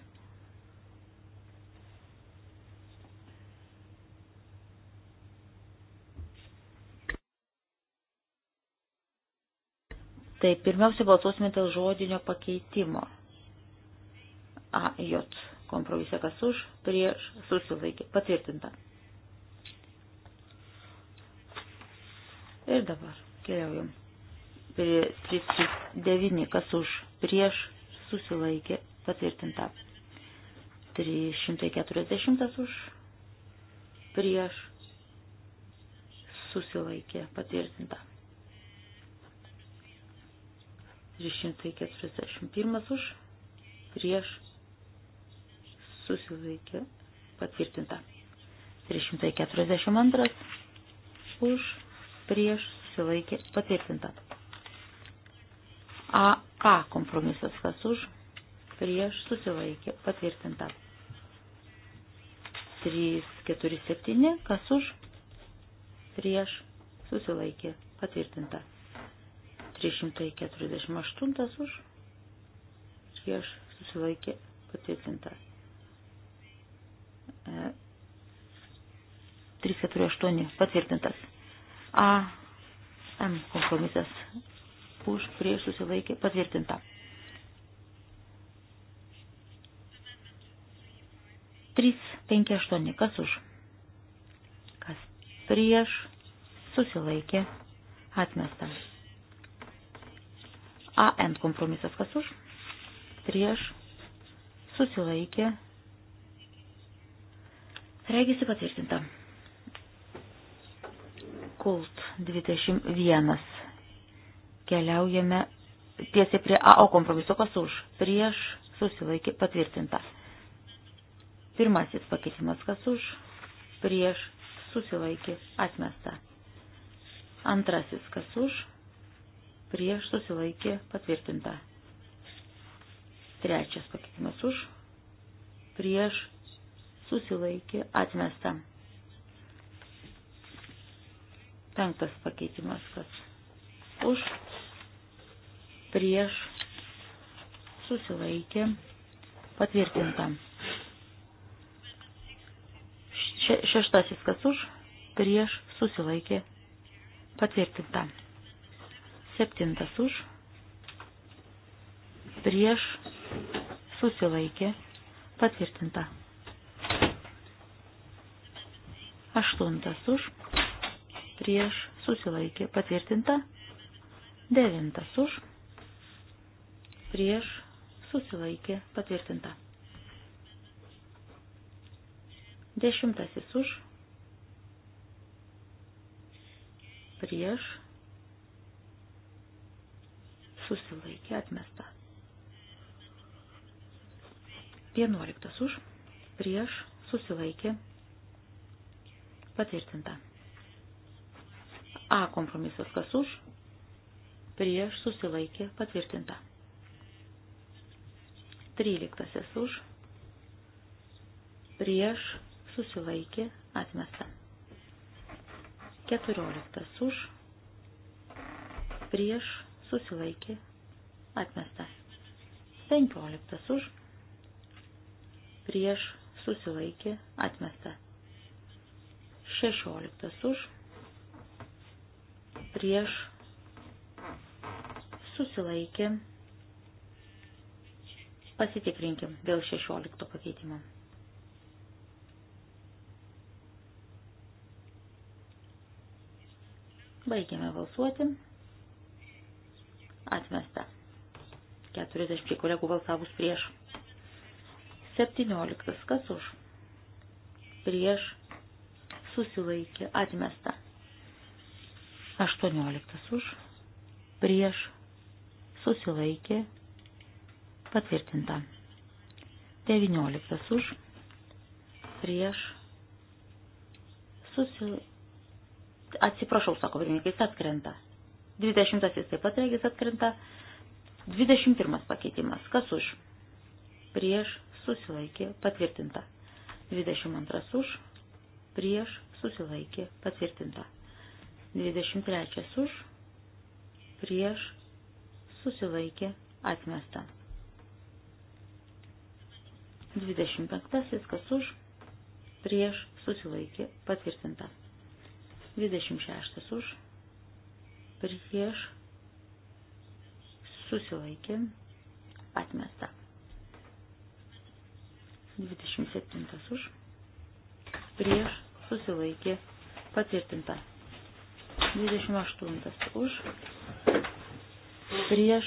Tai pirmiausia balsuosime dėl žodinio pakeitimo. AJ kompromisė kas už, prieš, susilaikė, patvirtinta. Ir dabar keliaujam. Prie 39 kas už, prieš, susilaikė, patvirtinta. 340 už, prieš, susilaikė, patvirtinta. 341 už, prieš, susilaikė, patvirtinta. 342 už, prieš, susilaikė, patvirtinta. AK kompromisas kas už, prieš, susilaikė, patvirtinta. 347 kas už, prieš, susilaikė, patvirtinta. 348 už prieš susilaikė patvirtinta. 348 e, patvirtintas. A. M kompromisas už prieš susilaikė patvirtinta. 358 kas už? Kas prieš susilaikė atmestas. AN kompromisas kas už, prieš, susilaikė, regisi patvirtinta. Kult 21. Keliaujame tiesiai prie AO kompromiso kas už, prieš, susilaikė, patvirtinta. Pirmasis pakeitimas kas už, prieš, susilaikė, atmesta. Antrasis kas už, prieš susilaikė patvirtinta. Trečias pakeitimas už, prieš susilaikė atmesta. Penktas pakeitimas, kas už, prieš susilaikė patvirtinta. Še, šeštasis, kas už, prieš susilaikė patvirtinta. Septintas už. Prieš susilaikė patvirtinta. Aštuntas už. Prieš susilaikė patvirtinta. Devintas už. Prieš susilaikė patvirtinta. Dešimtasis už. Prieš susilaikė atmesta. 11 už, prieš, susilaikė, patvirtinta. A kompromisas kas už, prieš, susilaikė, patvirtinta. 13 už, prieš, susilaikė, atmesta. 14 už, prieš, susilaikė, atmesta. 15 už, prieš, susilaikė, atmesta. 16 už, prieš, susilaikė, pasitikrinkim dėl 16 pakeitimo. Baigiame balsuoti. Atmesta. 40 kolegų balsavus prieš. 17. Kas už? Prieš. Susilaikė. Atmesta. 18. Už. Prieš. Susilaikė. Patvirtinta. 19. Už. Prieš. Susilaikė. Atsiprašau, sako pirmininkai, atkrenta. 20 taip pat regis atkrinta. 21 pakeitimas. Kas už? Prieš susilaikė patvirtinta. 22 už. Prieš susilaikė patvirtinta. 23 už. Prieš susilaikė atmesta. 25 kas už. Prieš susilaikė patvirtinta. 26 už prieš susilaikė atmesta. 27 už prieš susilaikė patvirtinta. 28 už prieš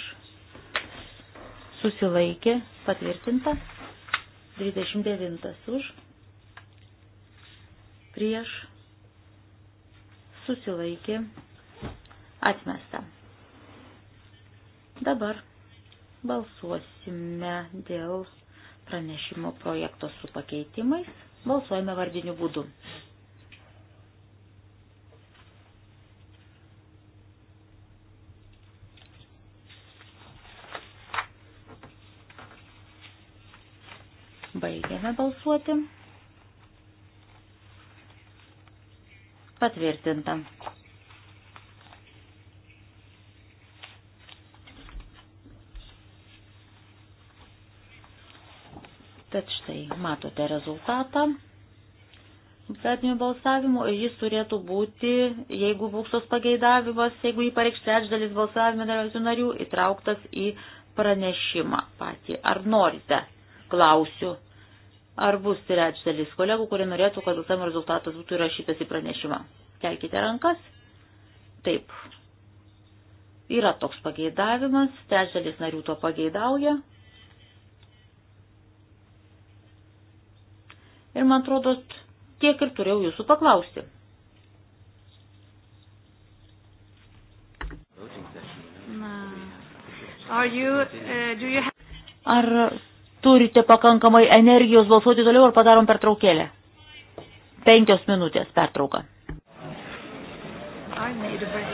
susilaikė patvirtinta. 29 už prieš susilaikė patvirtinta Atmesta. Dabar balsuosime dėl pranešimo projekto su pakeitimais. Balsuojame vardiniu būdu. Baigiame balsuoti. Patvirtinta. Tad štai, matote rezultatą statinių balsavimų ir jis turėtų būti, jeigu būks tos pageidavimas, jeigu jį pareikš trečdalis balsavimo dalyvių narių, įtrauktas į pranešimą patį. Ar norite? Klausiu. Ar bus trečdalis kolegų, kurie norėtų, kad balsavimo rezultatas būtų įrašytas į pranešimą? Kelkite rankas. Taip. Yra toks pageidavimas, trečdalis narių to pageidauja. Ir man atrodo, tiek ir turėjau jūsų paklausti. Uh, ar turite pakankamai energijos balsuoti toliau ar padarom pertraukėlę? Penkios minutės pertrauka. I need a break.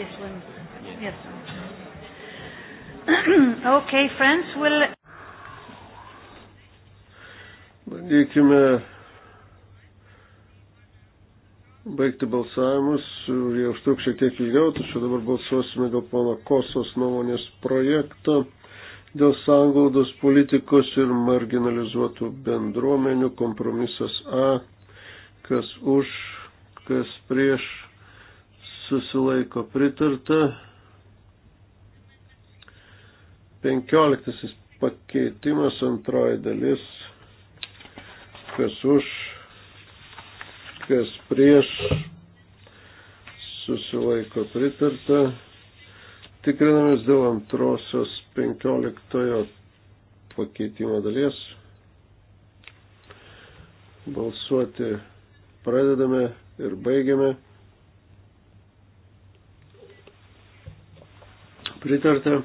Yes, Wednesday. Yes. yes. [clears throat] okay, friends, we'll. Bandykime baigti balsavimus, jie užtruks šiek tiek ilgiau, tačiau dabar balsuosime dėl pono Kosos nuomonės projekto dėl sąnglaudos politikos ir marginalizuotų bendruomenių kompromisas A, kas už, kas prieš susilaiko pritarta. 15 pakeitimas antroji dalis, kas už, kas prieš, susilaiko pritarta. Tikrinamės dėl antrosios 15 pakeitimo dalies. Balsuoti pradedame ir baigiame. Pritarta.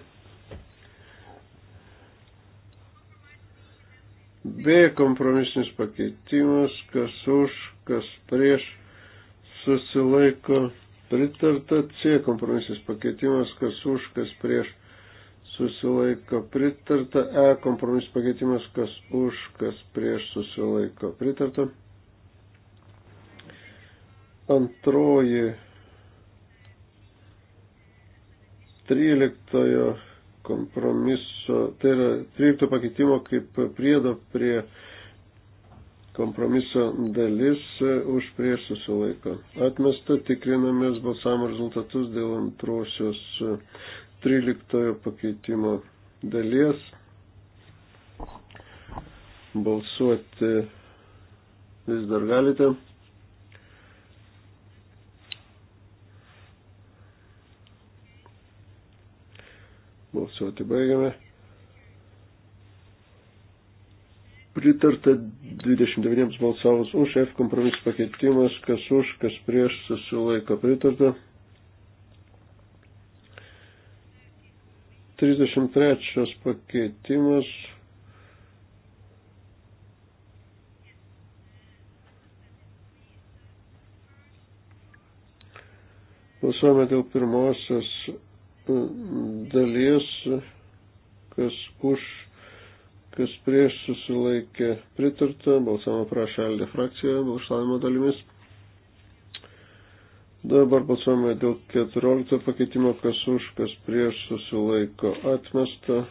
B kompromisinis pakeitimas, kas už, kas prieš, susilaiko pritarta. C kompromisinis pakeitimas, kas už, kas prieš, susilaiko pritarta. E kompromisinis pakeitimas, kas už, kas prieš, susilaiko pritarta. Antroji 13 kompromiso, tai yra 13 pakeitimo kaip priedo prie kompromiso dalis e, už prieš susilaiko. Atmesta tikrinamės balsavimo rezultatus dėl antrosios 13 e, pakeitimo dalies. Balsuoti vis dar galite. Balsuoti baigiame. Pritarta 29 balsavus už, F kompromis pakeitimas, kas už, kas prieš, susilaiko pritarta. 33 pakeitimas. Balsuojame dėl pirmosios dalies, kas už, kas prieš susilaikė pritarta, balsavimą prašė Aldė frakcija, balsavimo dalimis. Dabar balsuojame dėl 14 pakeitimo, kas už, kas prieš susilaiko atmesta.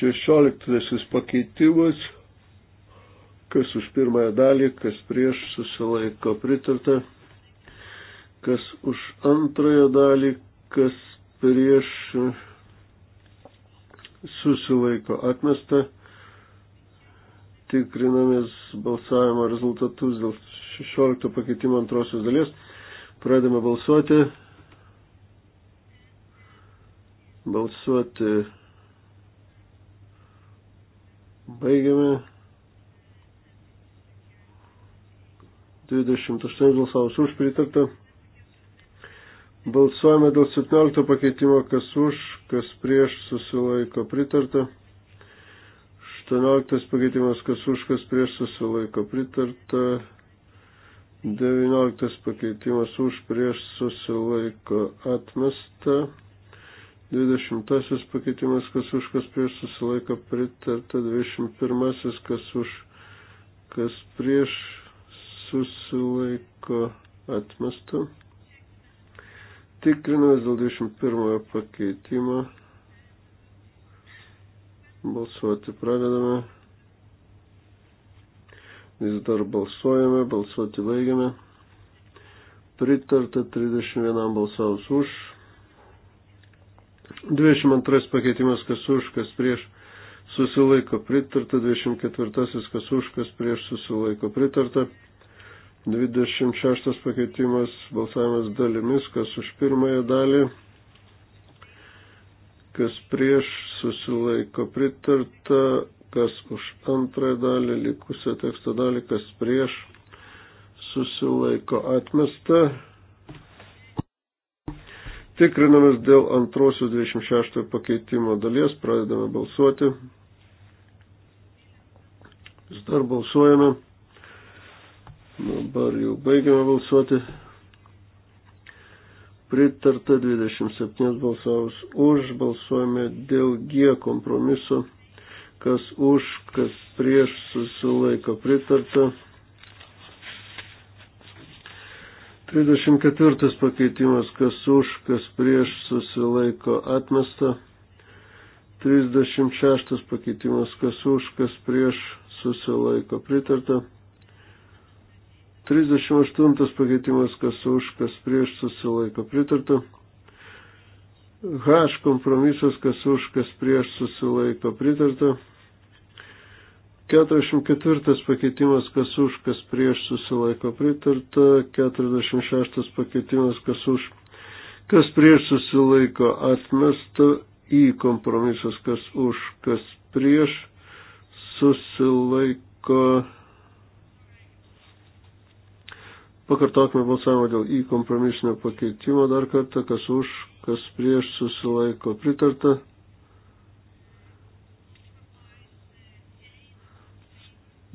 16 pakeitimas, kas už pirmąją dalį, kas prieš susilaiko pritarta kas už antrąją dalį, kas prieš susilaiko atmesta. Tikrinamės balsavimo rezultatus dėl 16 pakeitimo antrosios dalies. Pradėme balsuoti. Balsuoti. Baigiame. 28 balsavus už pritartą. Balsuojame dėl 17 pakeitimo, kas už, kas prieš susilaiko pritarta. 18 pakeitimas, kas už, kas prieš susilaiko pritarta. 19 pakeitimas už prieš susilaiko atmesta. 20 pakeitimas, kas už, kas prieš susilaiko pritarta. 21 kas už, kas prieš susilaiko atmesta. Tikrinamės dėl 21 pakeitimo. Balsuoti pradedame. Vis dar balsuojame, balsuoti baigiame. Pritarta 31 balsavus už. 22 pakeitimas kas už, kas prieš susilaiko pritarta. 24 kas už, kas prieš susilaiko pritarta. 26 pakeitimas balsavimas dalimis, kas už pirmąją dalį, kas prieš susilaiko pritarta, kas už antrąją dalį, likusią teksto dalį, kas prieš susilaiko atmesta. Tikrinamas dėl antrosios 26 pakeitimo dalies, pradedame balsuoti. Vis dar balsuojame. Dabar jau baigiame balsuoti. Pritarta 27 balsavus už, balsuojame dėl G kompromiso, kas už, kas prieš susilaiko pritarta. 34 pakeitimas, kas už, kas prieš susilaiko atmesta. 36 pakeitimas, kas už, kas prieš susilaiko pritarta. 38 pakeitimas, kas už, kas prieš susilaiko pritarta. H kompromisas, kas už, kas prieš susilaiko pritarta. 44 pakeitimas, kas už, kas prieš susilaiko pritarta. 46 pakeitimas, kas už, kas prieš susilaiko atmesta. Į kompromisas, kas už, kas prieš susilaiko pritarta Pakartokime balsavimą dėl į kompromisinio pakeitimo dar kartą, kas už, kas prieš susilaiko pritarta.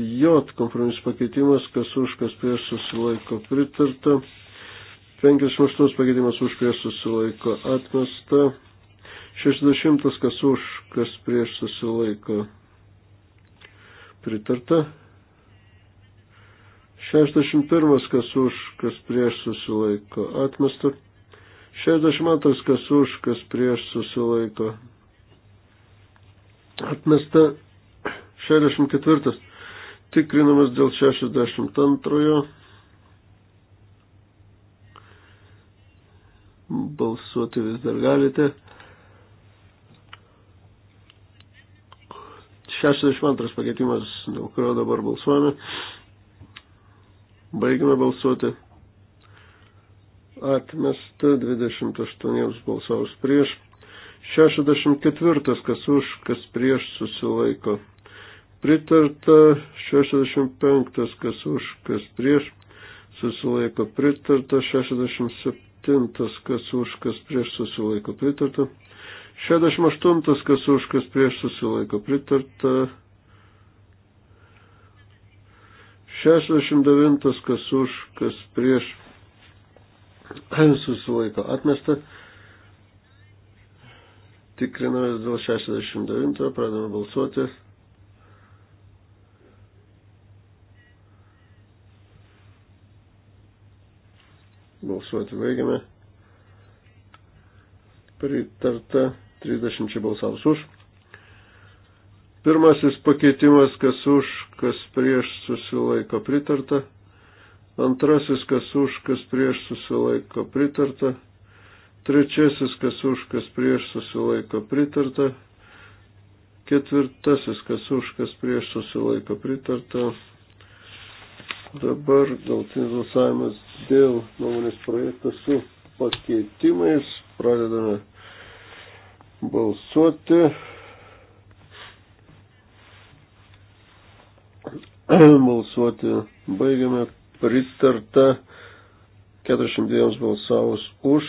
J kompromisinio pakeitimas, kas už, kas prieš susilaiko pritarta. 58 pakeitimas už prieš susilaiko atmesta. 60 kas už, kas prieš susilaiko pritarta. 61 kas už, kas prieš susilaiko atmesta. 62 kas už, kas prieš susilaiko atmesta. 64 tikrinamas dėl 62. Balsuoti vis dar galite. 62 pakeitimas, dėl kurio dabar balsuojame. Baigime balsuoti. Atmesta 28 balsavus prieš. 64 kas už, kas prieš susilaiko. Pritarta 65 kas už, kas prieš susilaiko. Pritarta 67 kas už, kas prieš susilaiko. Pritarta 68 kas už, kas prieš susilaiko. Pritarta 69 kas už, kas prieš susilaiko atmesta. Tikriname dėl 69, pradame balsuoti. Balsuoti baigiame. Pritarta 30 balsavus už. Pirmasis pakeitimas, kas už, kas prieš susilaiko pritarta. Antrasis, kas už, kas prieš susilaiko pritarta. Trečiasis, kas už, kas prieš susilaiko pritarta. Ketvirtasis, kas už, kas prieš susilaiko pritarta. Dabar galtinis balsavimas dėl nuomonės projekto su pakeitimais. Pradedame balsuoti. [clears throat] Balsuoti baigiame. Pritarta 42 balsavus už.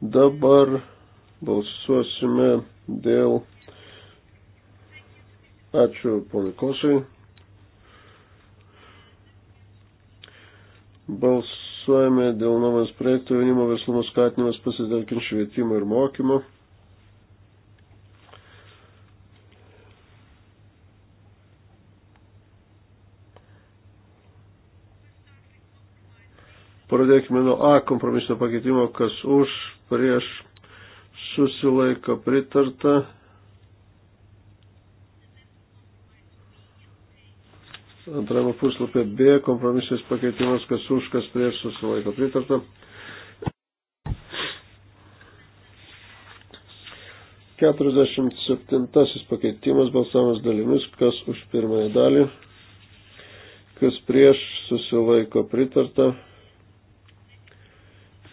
Dabar balsuosime dėl. Ačiū ponui Kosui. Balsuojame dėl nuomonės projektų jaunimo verslumo skatinimas pasitelkiant švietimą ir mokymą. Pradėkime nuo A kompromisinio pakeitimo, kas už, prieš, susilaiko pritarta. Antrame puslapė B kompromisinis pakeitimas, kas už, kas prieš, susilaiko pritarta. Keturiasdešimt septintasis pakeitimas balsavimas dalimis, kas už pirmąją dalį, kas prieš, susilaiko pritarta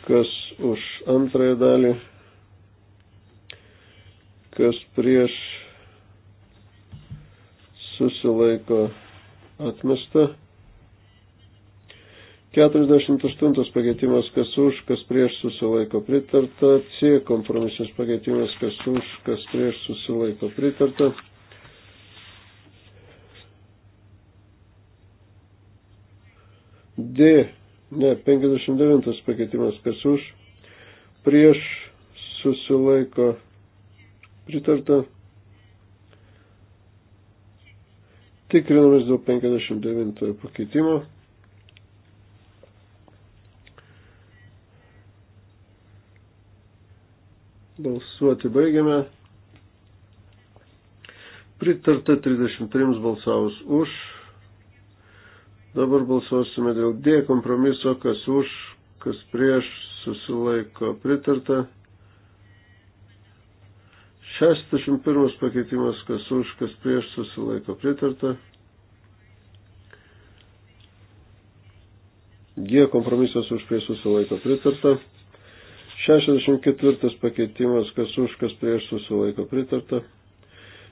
kas už antrąją dalį, kas prieš susilaiko atmesta. 48 pakeitimas kas už, kas prieš susilaiko pritarta. C kompromisinis pakeitimas kas už, kas prieš susilaiko pritarta. D Ne, 59 pakeitimas, kas už, prieš susilaiko pritarta. Tikrinamas dėl 59 pakeitimo. Balsuoti baigiame. Pritarta 33 balsavus už. Dabar balsuosime dėl D kompromiso, kas už, kas prieš, susilaiko pritarta. 61 pakeitimas, kas už, kas prieš, susilaiko pritarta. G kompromisas už prieš susilaiko pritarta. 64 pakeitimas, kas už, kas prieš susilaiko pritarta.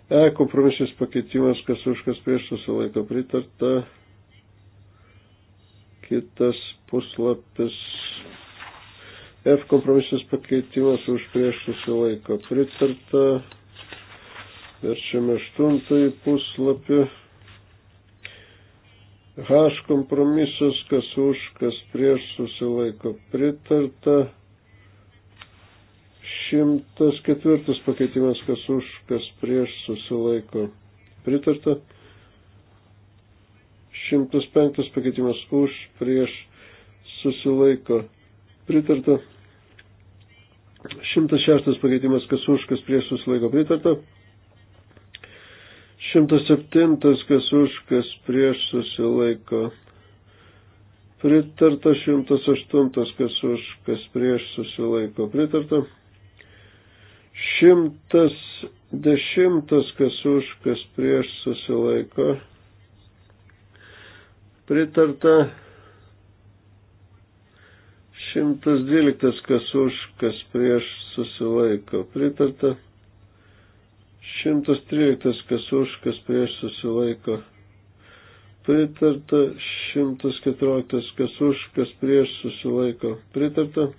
E kompromisinis pakeitimas, kas už, kas prieš susilaiko pritarta kitas puslapis. F kompromisas pakeitimas už prieš susilaiko pritarta. Verčiame aštuntąjį puslapį. H kompromisas, kas už, kas prieš susilaiko pritarta. 104 pakeitimas, kas už, kas prieš susilaiko pritarta. 105 pakeitimas už, prieš, susilaiko, pritarta. 106 pakeitimas kas už, kas prieš, susilaiko, pritarta. 107 kas už, kas prieš, susilaiko, pritarta. 108 kas už, kas prieš, susilaiko, pritarta. 110 kas už, kas prieš, susilaiko, pritarta. Pritarta 112, kas už, kas prieš susilaiko. Pritarta 113, kas už, kas prieš susilaiko. Pritarta 114, kas už, kas prieš susilaiko. Pritarta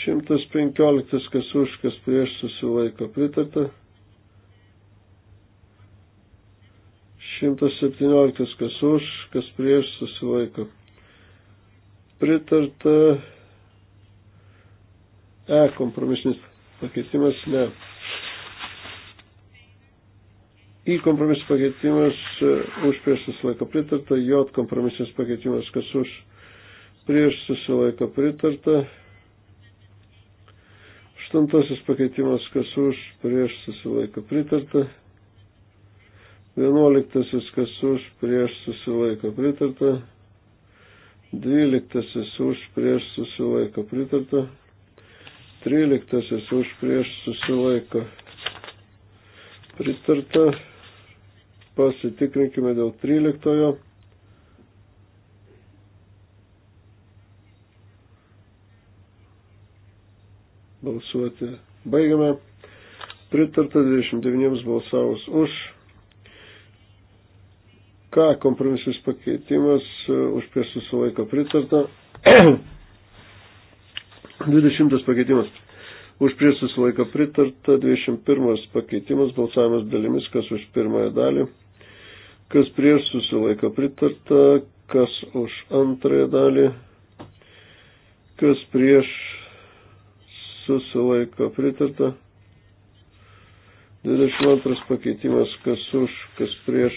115, kas už, kas prieš susilaiko. Pritarta 117. Kas už, kas prieš susilaiko. Pritarta E kompromisinis pakeitimas, ne. Į kompromisų pakeitimas e, už prieš susilaiko pritarta, J kompromisinis pakeitimas, kas už prieš susilaiko pritarta. Aštuntasis pakeitimas, kas už prieš susilaiko pritarta. Vienuoliktasis, kas už, prieš susilaiko pritarta. Dvyliktasis už, prieš susilaiko pritarta. Tryliktasis už, prieš susilaiko pritarta. Pasitikrinkime dėl tryliktojo. Balsuoti. Baigiame. Pritarta 29 balsavus už. Ką kompromisis e, [clears throat] pakeitimas už prieš susilaiko pritarta. 20 pakeitimas. Už prieš susilaiko pritarta. 21 pakeitimas. Balsavimas dalimis, kas už pirmąją dalį. Kas prieš susilaiko pritarta. Kas už antrąją dalį. Kas prieš susilaiko pritarta. 22 pakeitimas, kas už, kas prieš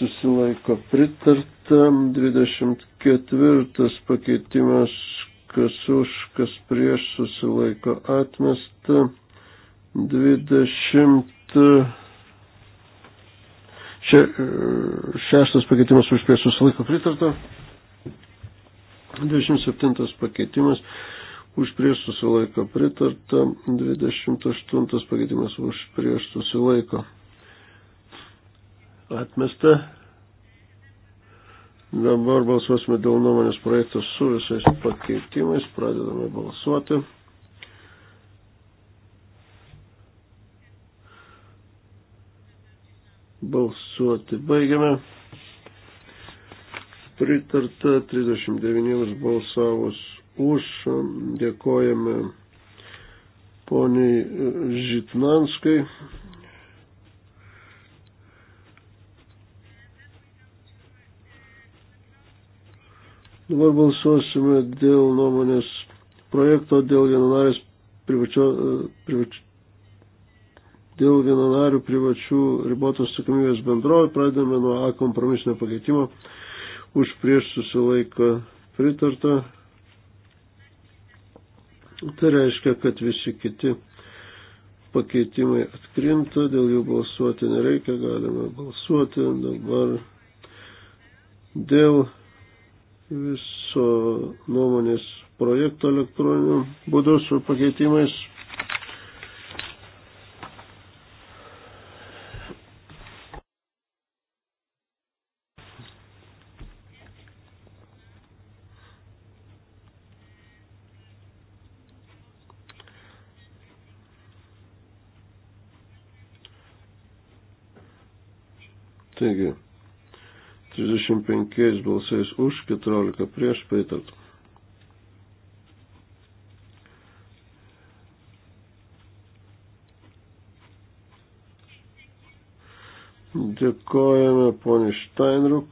susilaiko pritarta, 24 pakeitimas, kas už, kas prieš susilaiko atmesta, 20. Še, šeštas pakeitimas už prieš susilaiko pritarta. 27 pakeitimas už prieš susilaiko pritarta. 28 pakeitimas už prieš susilaiko pritarta atmesta. Dabar balsuosime dėl nuomonės projektos su visais pakeitimais. Pradedame balsuoti. Balsuoti baigiame. Pritarta 39 balsavus už. Dėkojame poniai Žitnanskai. Dabar balsuosime dėl nuomonės projekto, dėl vienonarės privačio, e, privač, dėl vienonarių privačių ribotos atsakomybės bendrovė. Pradedame nuo A kompromisinio pakeitimo. Už prieš susilaiko pritarta. Tai reiškia, kad visi kiti pakeitimai atkrinta, dėl jų balsuoti nereikia, galime balsuoti dabar dėl viso nuomonės projekto elektroniniu būdu su pakeitimais 25 balsais už, 14 prieš pritartą. Dėkojame poniai Steinruk.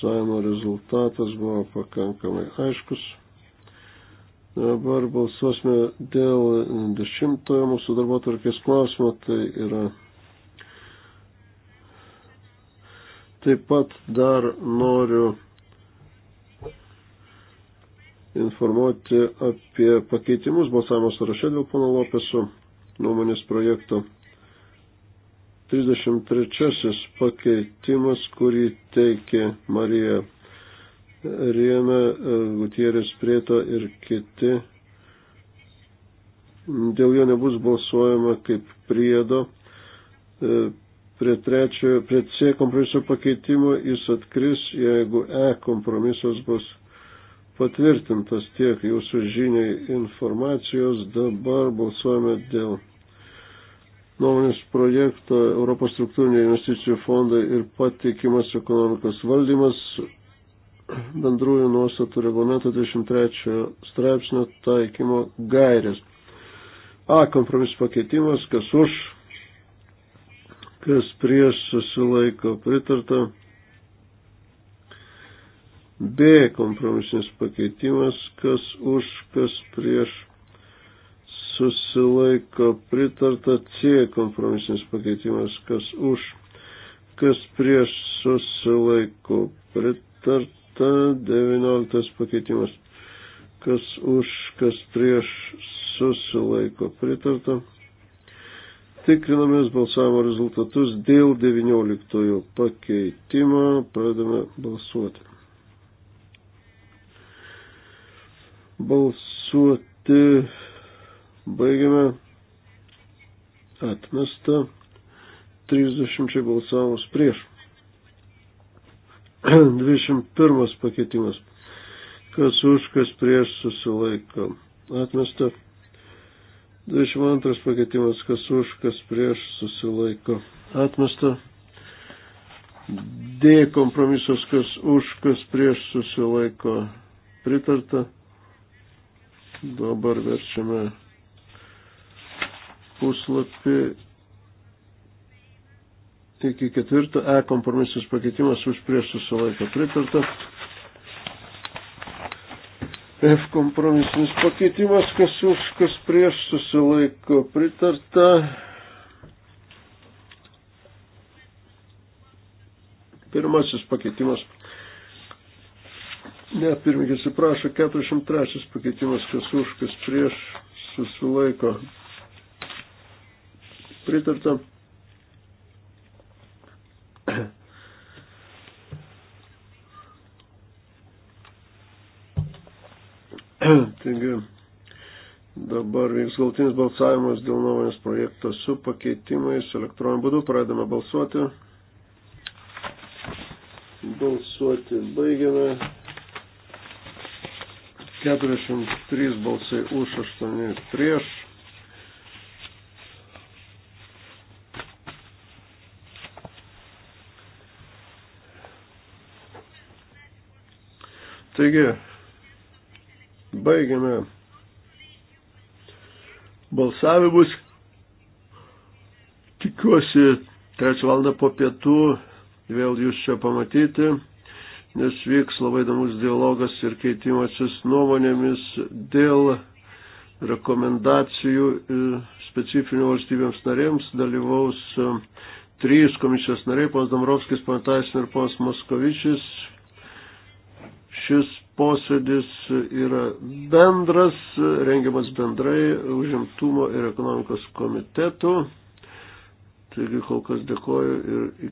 Saimo rezultatas buvo pakankamai aiškus. Dabar balsuosime dėl dešimtojo mūsų darbo tvarkės klausimo, tai yra taip pat dar noriu informuoti apie pakeitimus balsavimo sąraše dėl pono Lopeso nuomonės projekto. 33 pakeitimas, kurį teikė Marija Rijame, Gutierės Prieto ir kiti. Dėl jo nebus balsuojama kaip priedo. E, prie, trečio, prie C kompromiso pakeitimo jis atkris, jeigu E kompromisas bus patvirtintas tiek jūsų žiniai informacijos. Dabar balsuojame dėl nuomonės projekto Europos struktūriniai investicijų fondai ir patikimas ekonomikos valdymas bendrųjų nuostatų reglamento 23 straipsnio taikymo gairės. A. Kompromis pakeitimas, kas už, kas prieš susilaiko pritarta. B. Kompromisinis pakeitimas, kas už, kas prieš susilaiko pritarta. C. Kompromisinis pakeitimas, kas už, kas prieš susilaiko pritarta. 19 pakeitimas. Kas už, kas prieš susilaiko pritarta. Tikrinamės balsavimo rezultatus dėl 19 pakeitimo. Pradame balsuoti. Balsuoti baigiame. Atmesta. 30 balsavus prieš. 21 [clears throat] pakeitimas. Kas už, kas prieš susilaiko. Atmesta. 22 pakeitimas. Kas už, kas prieš susilaiko. Atmesta. D kompromisas, kas už, kas prieš susilaiko. Pritarta. Dabar verčiame puslapį Tik į ketvirtą E kompromisus pakeitimas už prieš susilaiko pritarta. F kompromisinis pakeitimas, kas už, kas prieš susilaiko pritarta. Pirmasis pakeitimas. Ne, pirmininkas atsiprašo, 43 pakeitimas, kas už, kas prieš susilaiko pritarta. Taigi dabar vyks galtinis balsavimas dėl nuomonės projekto su pakeitimais. Elektroniniu būdu pradedame balsuoti. Balsuoti baigiame. 43 balsai už, 8 prieš. Taigi, Baigiame balsavimus. Tikiuosi, trečią valandą po pietų vėl jūs čia pamatyti, nes vyks labai įdomus dialogas ir keitimasis nuomonėmis dėl rekomendacijų specifinių valstybėms narėms dalyvaus um, trys komisijos nariai, pons Damrovskis, pons Taisin ir pons Moskovičius. Šis posėdis yra bendras, rengiamas bendrai užimtumo ir ekonomikos komitetų. Taigi kol kas dėkoju ir.